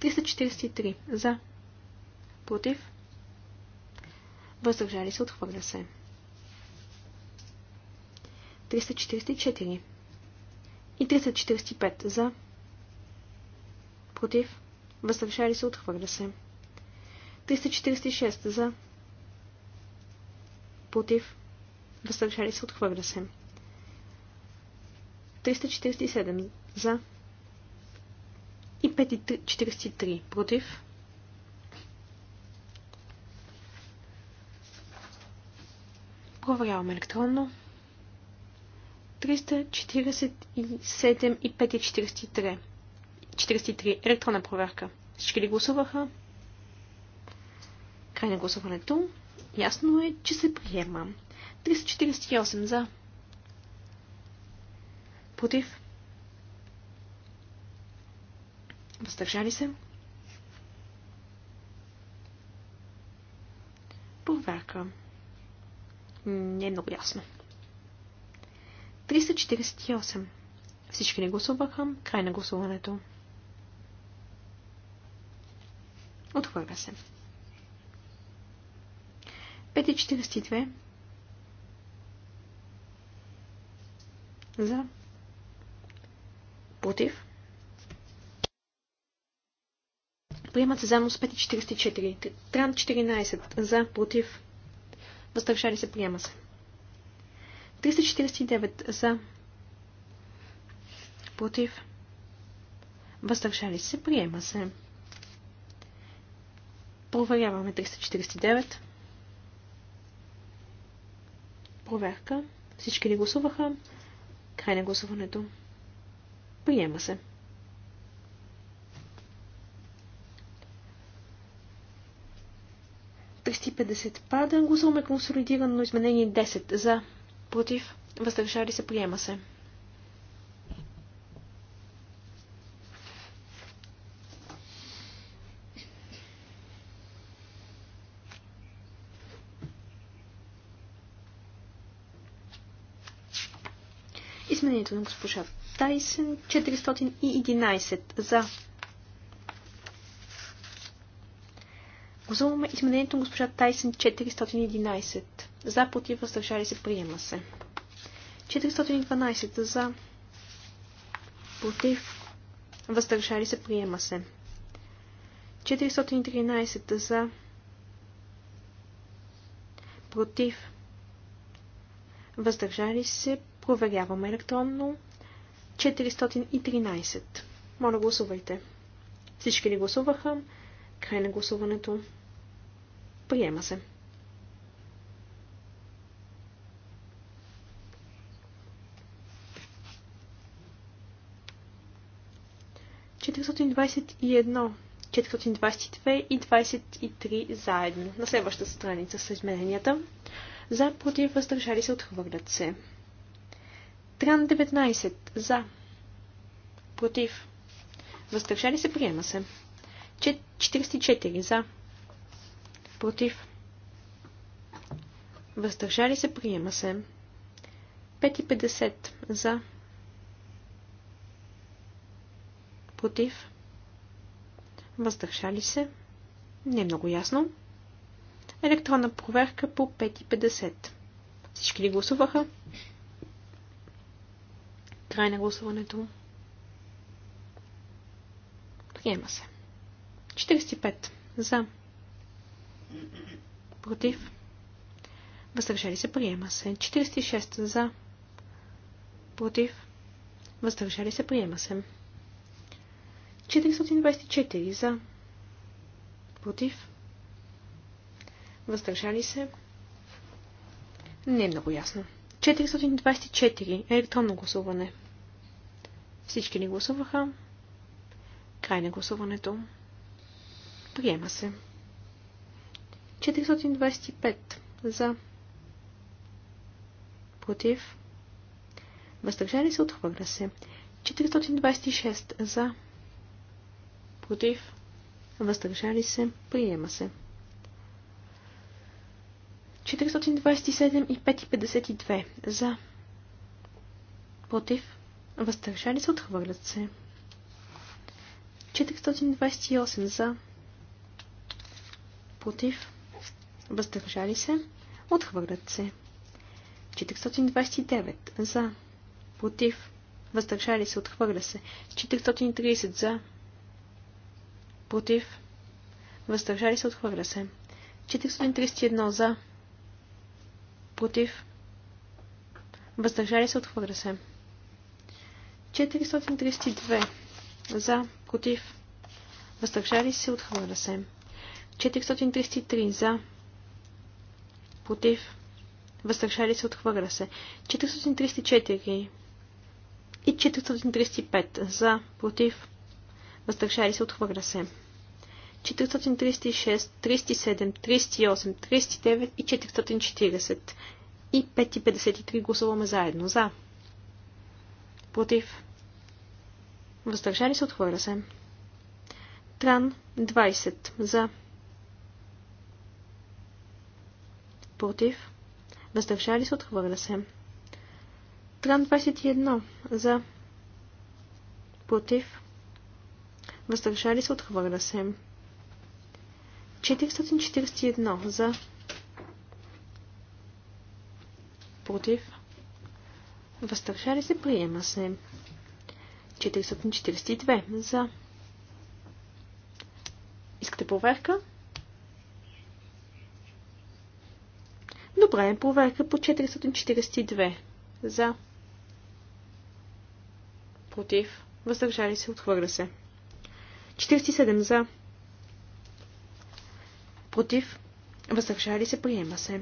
343 за. Против въздържали се, отхвърля се. 344 и 345 за, против, въздържали се, отхвърля се. 346 за, против, въздържали се, отхвърля се. 347 за и 543 против, проверявам електронно. 347 и 543. 43. Електронна проверка. Всички ли гласуваха? Край на гласуването. Ясно е, че се приема. 348 за. Против. Въздържали се. Проверка. Не е много ясно. 348. Всички не гласуваха. Край на гласуването. Отхвърля се. 5.42. За. Против. Приемат се заедно с 5.44. Тран 14. За. Против въздържали се, приема се. 349 за, против, въздържали се, приема се. Проверяваме 349. Проверка. Всички ли гласуваха? Край на гласуването. Приема се. 50 пада. е консолидирано изменение 10 за против. Въздържали се. Приема се. Изменението на госпожа Тайсен 411 за Гласуваме изменението на госпожа Тайсен 411. За, против, въздържали се, приема се. 412 за, против, въздържали се, приема се. 413 за, против, въздържали се, проверяваме електронно. 413. Моля, гласувайте. Всички ли гласуваха? Край на гласуването. Приема се. Четиристотин и 22 422 и 23 заедно. На следващата страница са измененията. За, против, въздържали се, отхвърлят се. Тран 19. За. Против. Въздържали се, приема се. 44. За. Против. Въздържали се, приема се. 5,50 за. Против. Въздържали се. Не е много ясно. Електронна проверка по 5,50. Всички ли гласуваха? Край на гласуването. Приема се. 45 за. Против. Въздържали се. Приема се. 46 за. Против. Въздържали се. Приема се. 424 за. Против. Въздържали се. Не е много ясно. 424. Електронно гласуване. Всички ни гласуваха? Край на гласуването. Приема се. 425 за. Против. Въздържали се, отхвърля се. 426 за. Против. Въздържали се, приема се. 427 и 552 за. Против. Въздържали се, отхвърлят се. 428 за. Против въздържали се, отхвърлят се. 429 за, против, въздържали се, отхвърля се. 430 за, против, въздържали се, отхвърля се. 431 за, против, въздържали се, отхвърля се. 432 за, против, въздържали се, отхвърля се. 433 за, против, въздържали се, отхвърля се. 434 и 435 за, против, Възстрашали се, отхвърля се. 436, 37, 38, 39 и 440 и 5,53 гласуваме заедно. За. Против. Въздържали се, отхвърля се. Тран 20. За. против, въздържали се, отхвърля се. Тран 21 за, против, въздържали се, отхвърля се. 441 за, против, въздържали се, приема се. 442 за. Искате проверка? Добре, проверка по 442. За. Против. Въздържали се. Отхвърля се. 47 за. Против. Въздържали се. Приема се.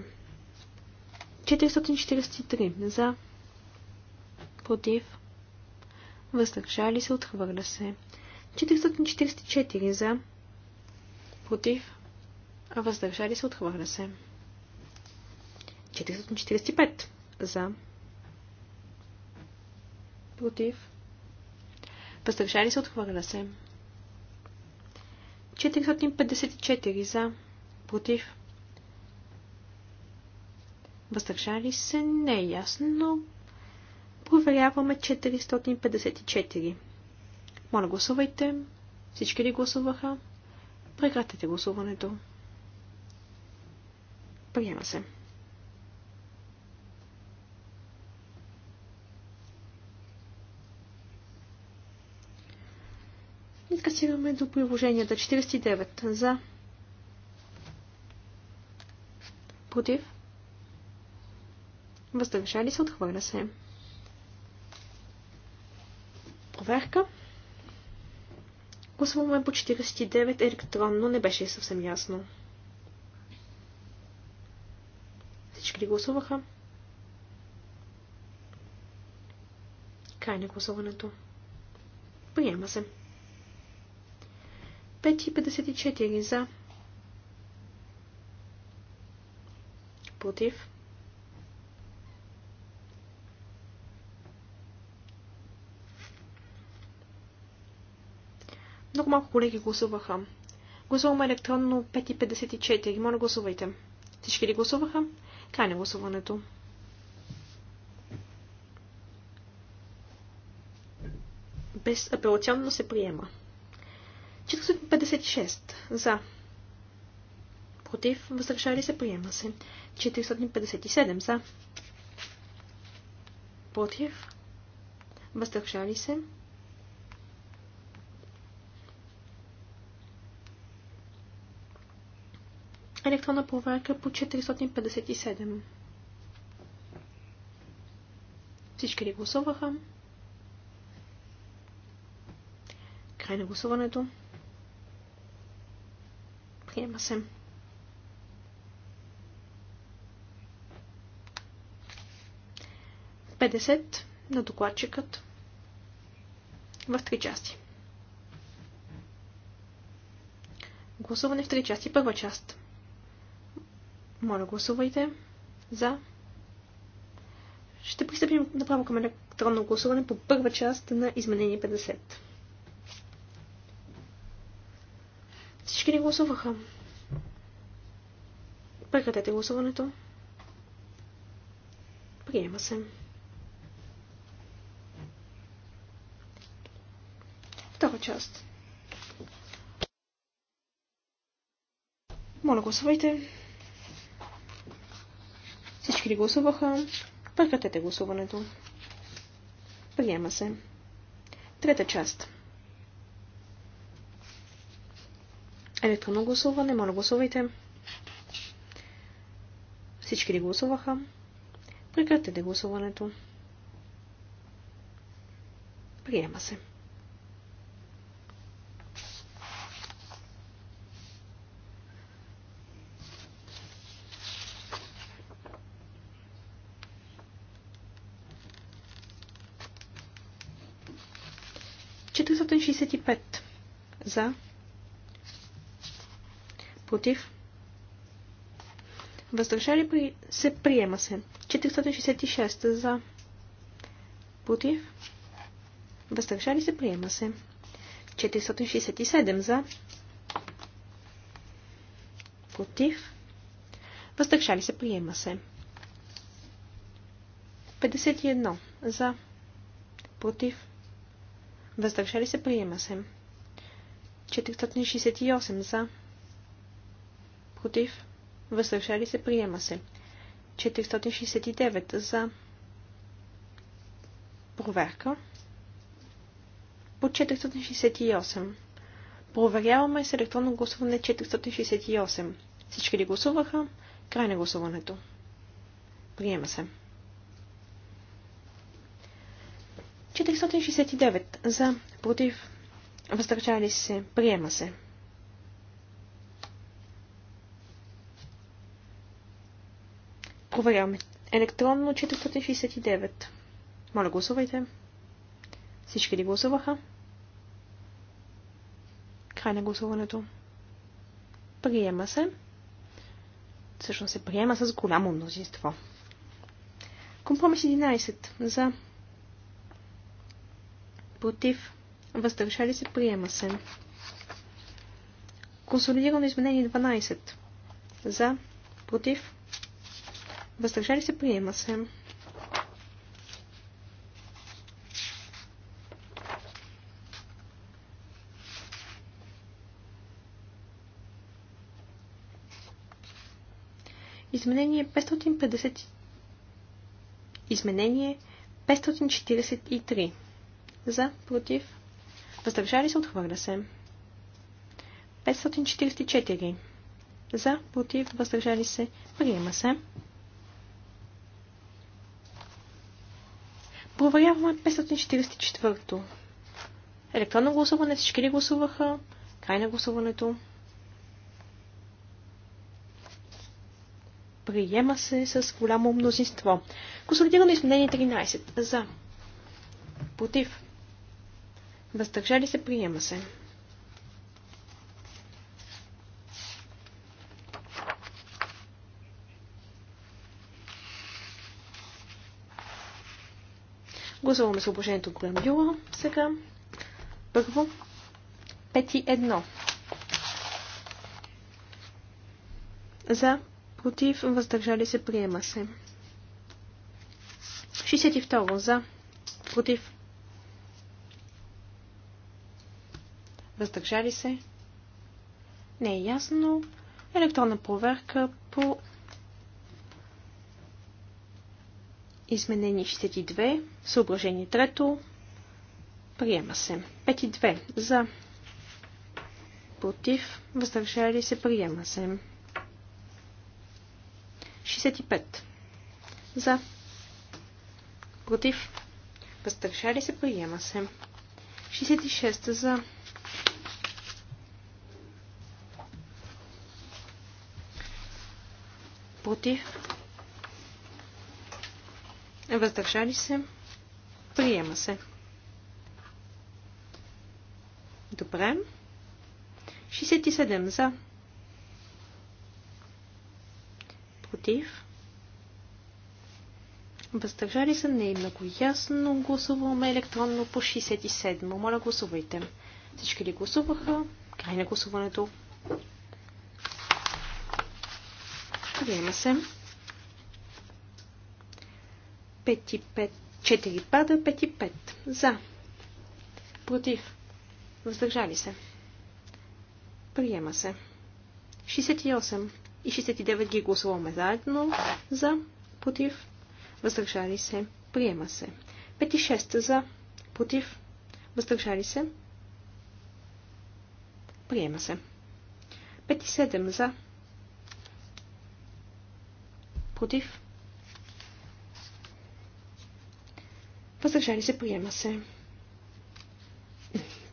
443 за. Против. Въздържали се. Отхвърля се. 444 за. Против. Въздържали се. Отхвърля се. 445 за. Против. Въздържали се отхвърля се. 454 за. Против. Въздържали се не е ясно. Проверяваме 454. Моля гласувайте. Всички ли гласуваха? Прекратете гласуването. Приема се. Нека стигаме до приложенията. 49 за. Против. Въздържали се, отхвърля се. Проверка. Гласуваме по 49 електронно, не беше съвсем ясно. Всички ли гласуваха? Край на гласуването. Приема се. 5,54 за. Против. Много малко колеги гласуваха. Гласуваме електронно 5,54. Моля, гласувайте. Всички ли гласуваха? Край на гласуването. Безапелационно се приема. 456 за. Против. Въздържали се. Приема се. 457 за. Против. Въздържали се. електронна проверка по 457. Всички ли гласуваха? Край на гласуването. Приема се. Петдесет на докладчикът в три части. Гласуване в три части. Първа част. Моля, гласувайте за. Ще пристъпим направо към електронно гласуване по първа част на изменение 50. не гласуваха? Прекратете гласуването. Приема се. Втора част. Моля, гласувайте. Всички ли гласуваха? Прекратете гласуването. Приема се. Трета част. Електронно гласуване. Моля, гласувайте. Всички ли гласуваха? Прекратете гласуването. Приема се. Четиристотин за Против. Въздържали при... се приема се. 466 за. Против. Въздържали се приема се. 467 за. Против. Въздържали се приема се. 51 за. Против. Въздържали се приема се. 468 за против, въздържали се, приема се. 469 за проверка. По 468. Проверяваме с електронно гласуване 468. Всички ли гласуваха? Край на гласуването. Приема се. 469 за против. Въздържали се. Приема се. Проверяваме. Електронно 469. Моля, гласувайте. Всички ли гласуваха? Край на гласуването. Приема се. Всъщност се приема с голямо мнозинство. Компромис 11. За. Против. Въздържали се. Приема се. Консолидирано изменение 12. За. Против. Въздържали се, приема се. Изменение 550. Изменение 543. За, против. Въздържали се, отхвърля се. 544. За, против, въздържали се, приема се. Проверяваме 544-то. Електронно гласуване. Всички ли гласуваха? Край на гласуването. Приема се с голямо мнозинство. Консолидирано изменение 13. За. Против. Въздържали се. Приема се. Гласуваме съображението от Грамбюла. Сега първо 5.1. За, против, въздържали се, приема се. 62. За, против, въздържали се. Не е ясно. Електронна проверка по Изменение 62. Съображение 3. Приема се. 5 2. За. Против. Въздържали се. Приема се. 65. За. Против. Въздържали се. Приема се. 66. За. Против Въздържали се. Приема се. Добре. 67 за. Против. Въздържали се не е много ясно. Гласуваме електронно по 67. Моля, гласувайте. Всички ли гласуваха? Край на гласуването. Приема се. 5 и 5. 4 пада, 5 и 5. За. Против. Въздържали се. Приема се. 68 и 69 ги гласуваме заедно. За. Против. Въздържали се. Приема се. 5 и 6 за. Против. Въздържали се. Приема се. 5 и 7 за. Против. Въздържали се, приема се.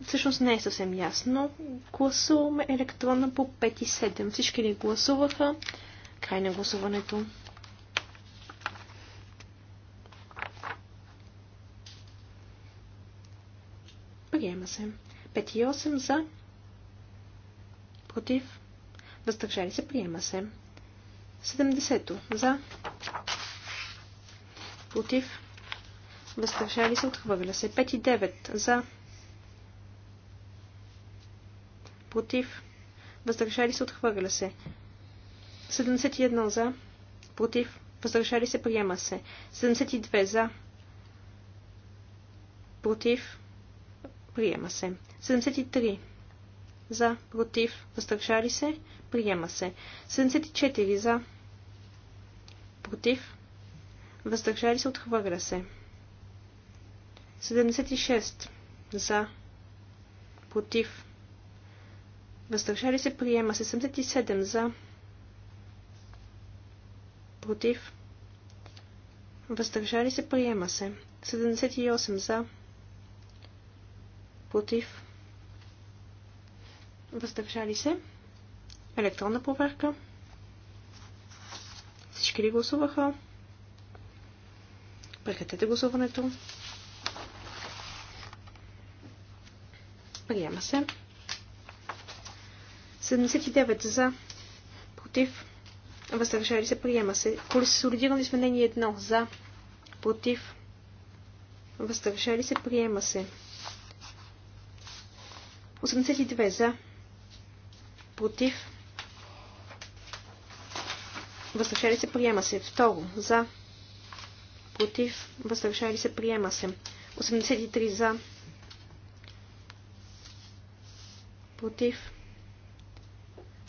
Всъщност не е съвсем ясно. Гласуваме електронно по 5 и 7. Всички ли гласуваха? Край на гласуването. Приема се. 5 и 8 за. Против. Въздържали се. Приема се. 70 за. Против. Въздържали се. Отхвърля се. 5 и 9 за. Против. Въздържали се. Отхвърля се. 71 за. Против. Въздържали се. Приема се. 72 за. Против. Приема се. 73. За. Против. Въздържали се. Приема се. 74. За. Против. Въздържали се. Отхвърля се. 76 за, против, въздържали се, приема се 77 за, против, въздържали се, приема се 78 за, против, въздържали се, електронна проверка. Всички ли гласуваха? Прекратете гласуването. Приема се. 79 за. Против. Въздържали се. Приема се. Консолидирано изменение 1 за. Против. Въздържали се. Приема се. 82 за. Против. Въздържали се. Приема се. Второ. За. Против. Въздържали се. Приема се. 83 за против,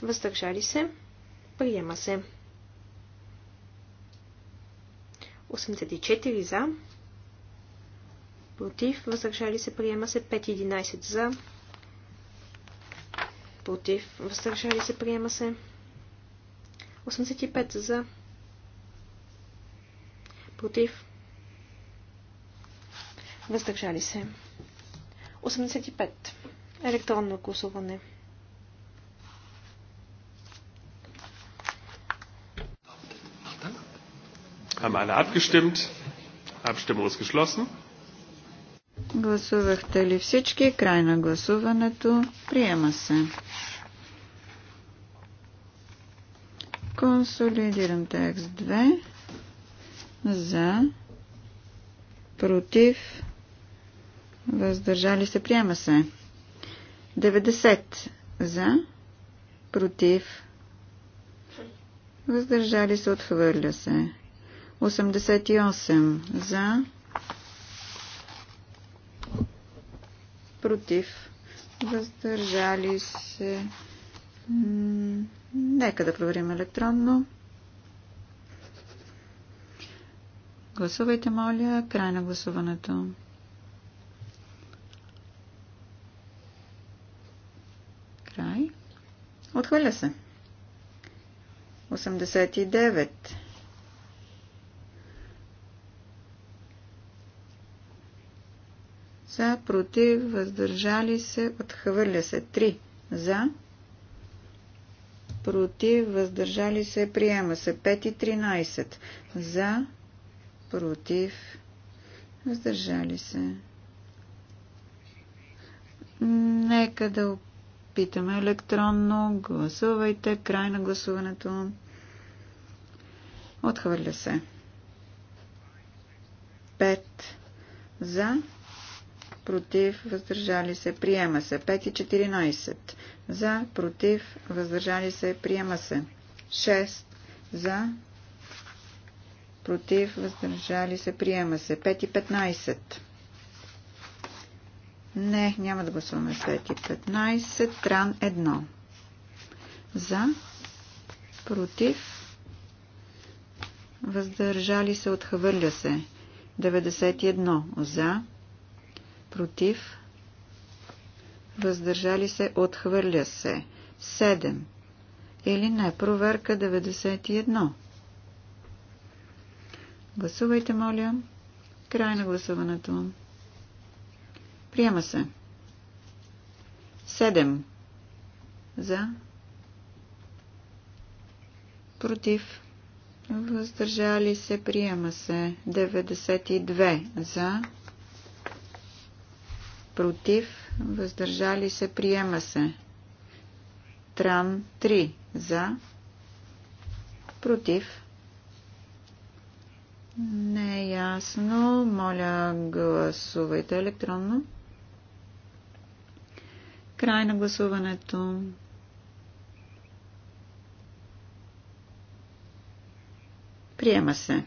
въздържали се, приема се. 84 за, против, въздържали се, приема се 511 за, против, въздържали се, приема се 85 за, против, въздържали се 85 електронно гласуване. Haben alle abgestimmt? Abstimmung ist geschlossen. Гласувахте ли всички? Край на гласуването. Приема се. Консолидиран текст 2. За. Против. Въздържали се. Приема се. 90 за, против, въздържали се, отхвърля се. 88 за, против, въздържали се. Нека да проверим електронно. Гласувайте, моля, край на гласуването. Отхвърля се. 89. За, против, въздържали се, отхвърля се. 3. За, против, въздържали се, приема се. 5 и 13. За, против, въздържали се. Нека да опитаме. Питаме електронно. Гласувайте. Край на гласуването. Отхвърля се. 5 за, против, въздържали се, приема се. Пет и 14 за, против, въздържали се, приема се. 6 за, против, въздържали се, приема се. 5 и 15 не, няма да гласуваме след и 15. Тран 1. За. Против. Въздържали се, отхвърля се. 91. За. Против. Въздържали се, отхвърля се. 7. Или не, проверка 91. Гласувайте, моля. Край на гласуването. Приема се. 7 за. Против. Въздържали се. Приема се. 92 за. Против. Въздържали се. Приема се. Тран 3 за. Против. Не е ясно. Моля, гласувайте електронно. Край на гласуването. Приема се.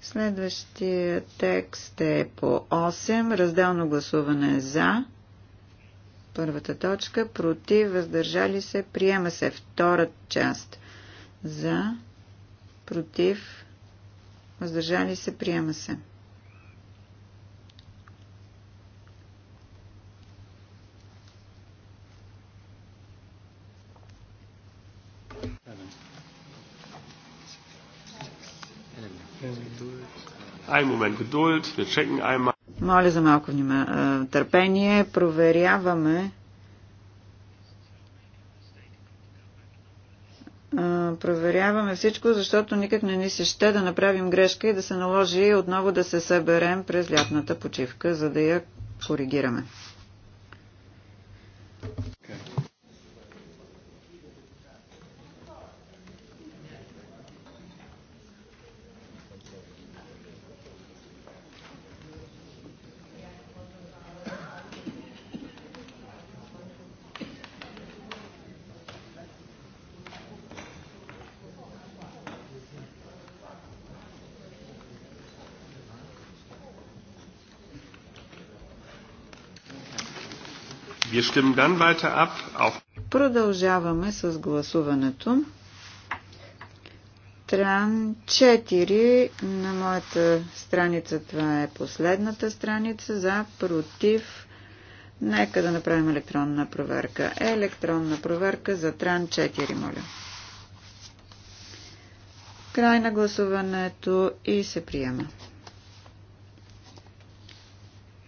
Следващия текст е по 8. Разделно гласуване за. Първата точка. Против. Въздържали се. Приема се. Втората част. За. Против. Въздържали се. Приема се. Моля за малко внима... търпение. Проверяваме. проверяваме всичко, защото никак не ни се ще да направим грешка и да се наложи отново да се съберем през лятната почивка, за да я коригираме. Продължаваме с гласуването. Тран 4 на моята страница, това е последната страница за против. Нека да направим електронна проверка. Е, електронна проверка за Тран 4, моля. Край на гласуването и се приема.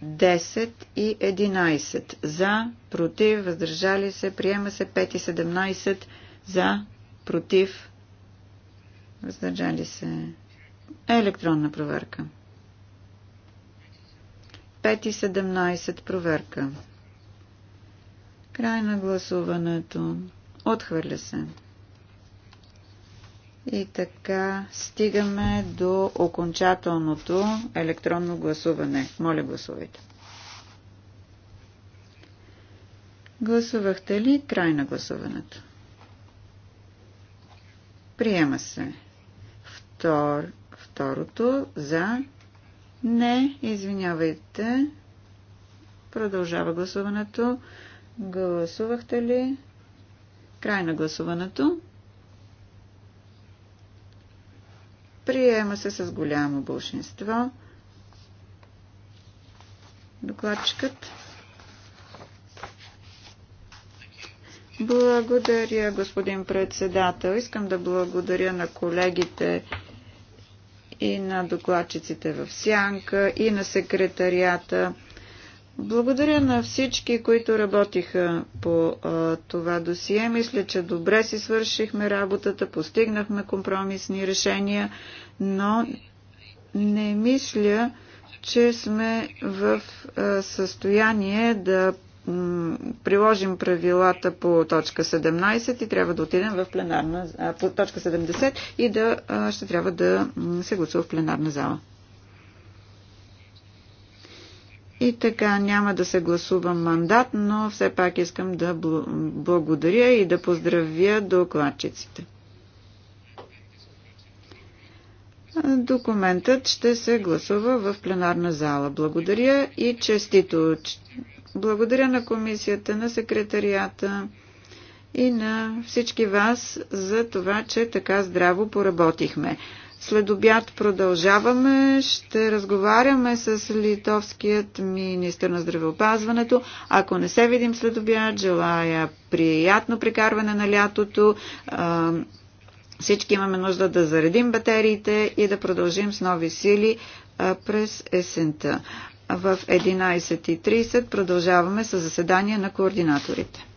10 и 11 за, против, въздържали се, приема се 5 и 17 за, против, въздържали се. Е, електронна проверка. 5 и 17 проверка. Край на гласуването. Отхвърля се. И така стигаме до окончателното електронно гласуване. Моля, гласувайте. Гласувахте ли край на гласуването? Приема се. Втор, второто за. Не, извинявайте. Продължава гласуването. Гласувахте ли? Край на гласуването. Приема се с голямо бълшинство. Докладчикът. Благодаря, господин председател. Искам да благодаря на колегите и на докладчиците в Сянка, и на секретарията благодаря на всички, които работиха по а, това досие. Мисля, че добре си свършихме работата, постигнахме компромисни решения, но не мисля, че сме в а, състояние да приложим правилата по точка 17 и трябва да отидем в пленарна, а, по точка 70 и да а, ще трябва да се гласува в пленарна зала. И така няма да се гласува мандат, но все пак искам да благодаря и да поздравя докладчиците. Документът ще се гласува в пленарна зала. Благодаря и честито. Благодаря на комисията, на секретарията и на всички вас за това, че така здраво поработихме. След обяд продължаваме. Ще разговаряме с литовският министр на здравеопазването. Ако не се видим след обяд, желая приятно прекарване на лятото. Всички имаме нужда да заредим батериите и да продължим с нови сили през есента. В 11.30 продължаваме с заседание на координаторите.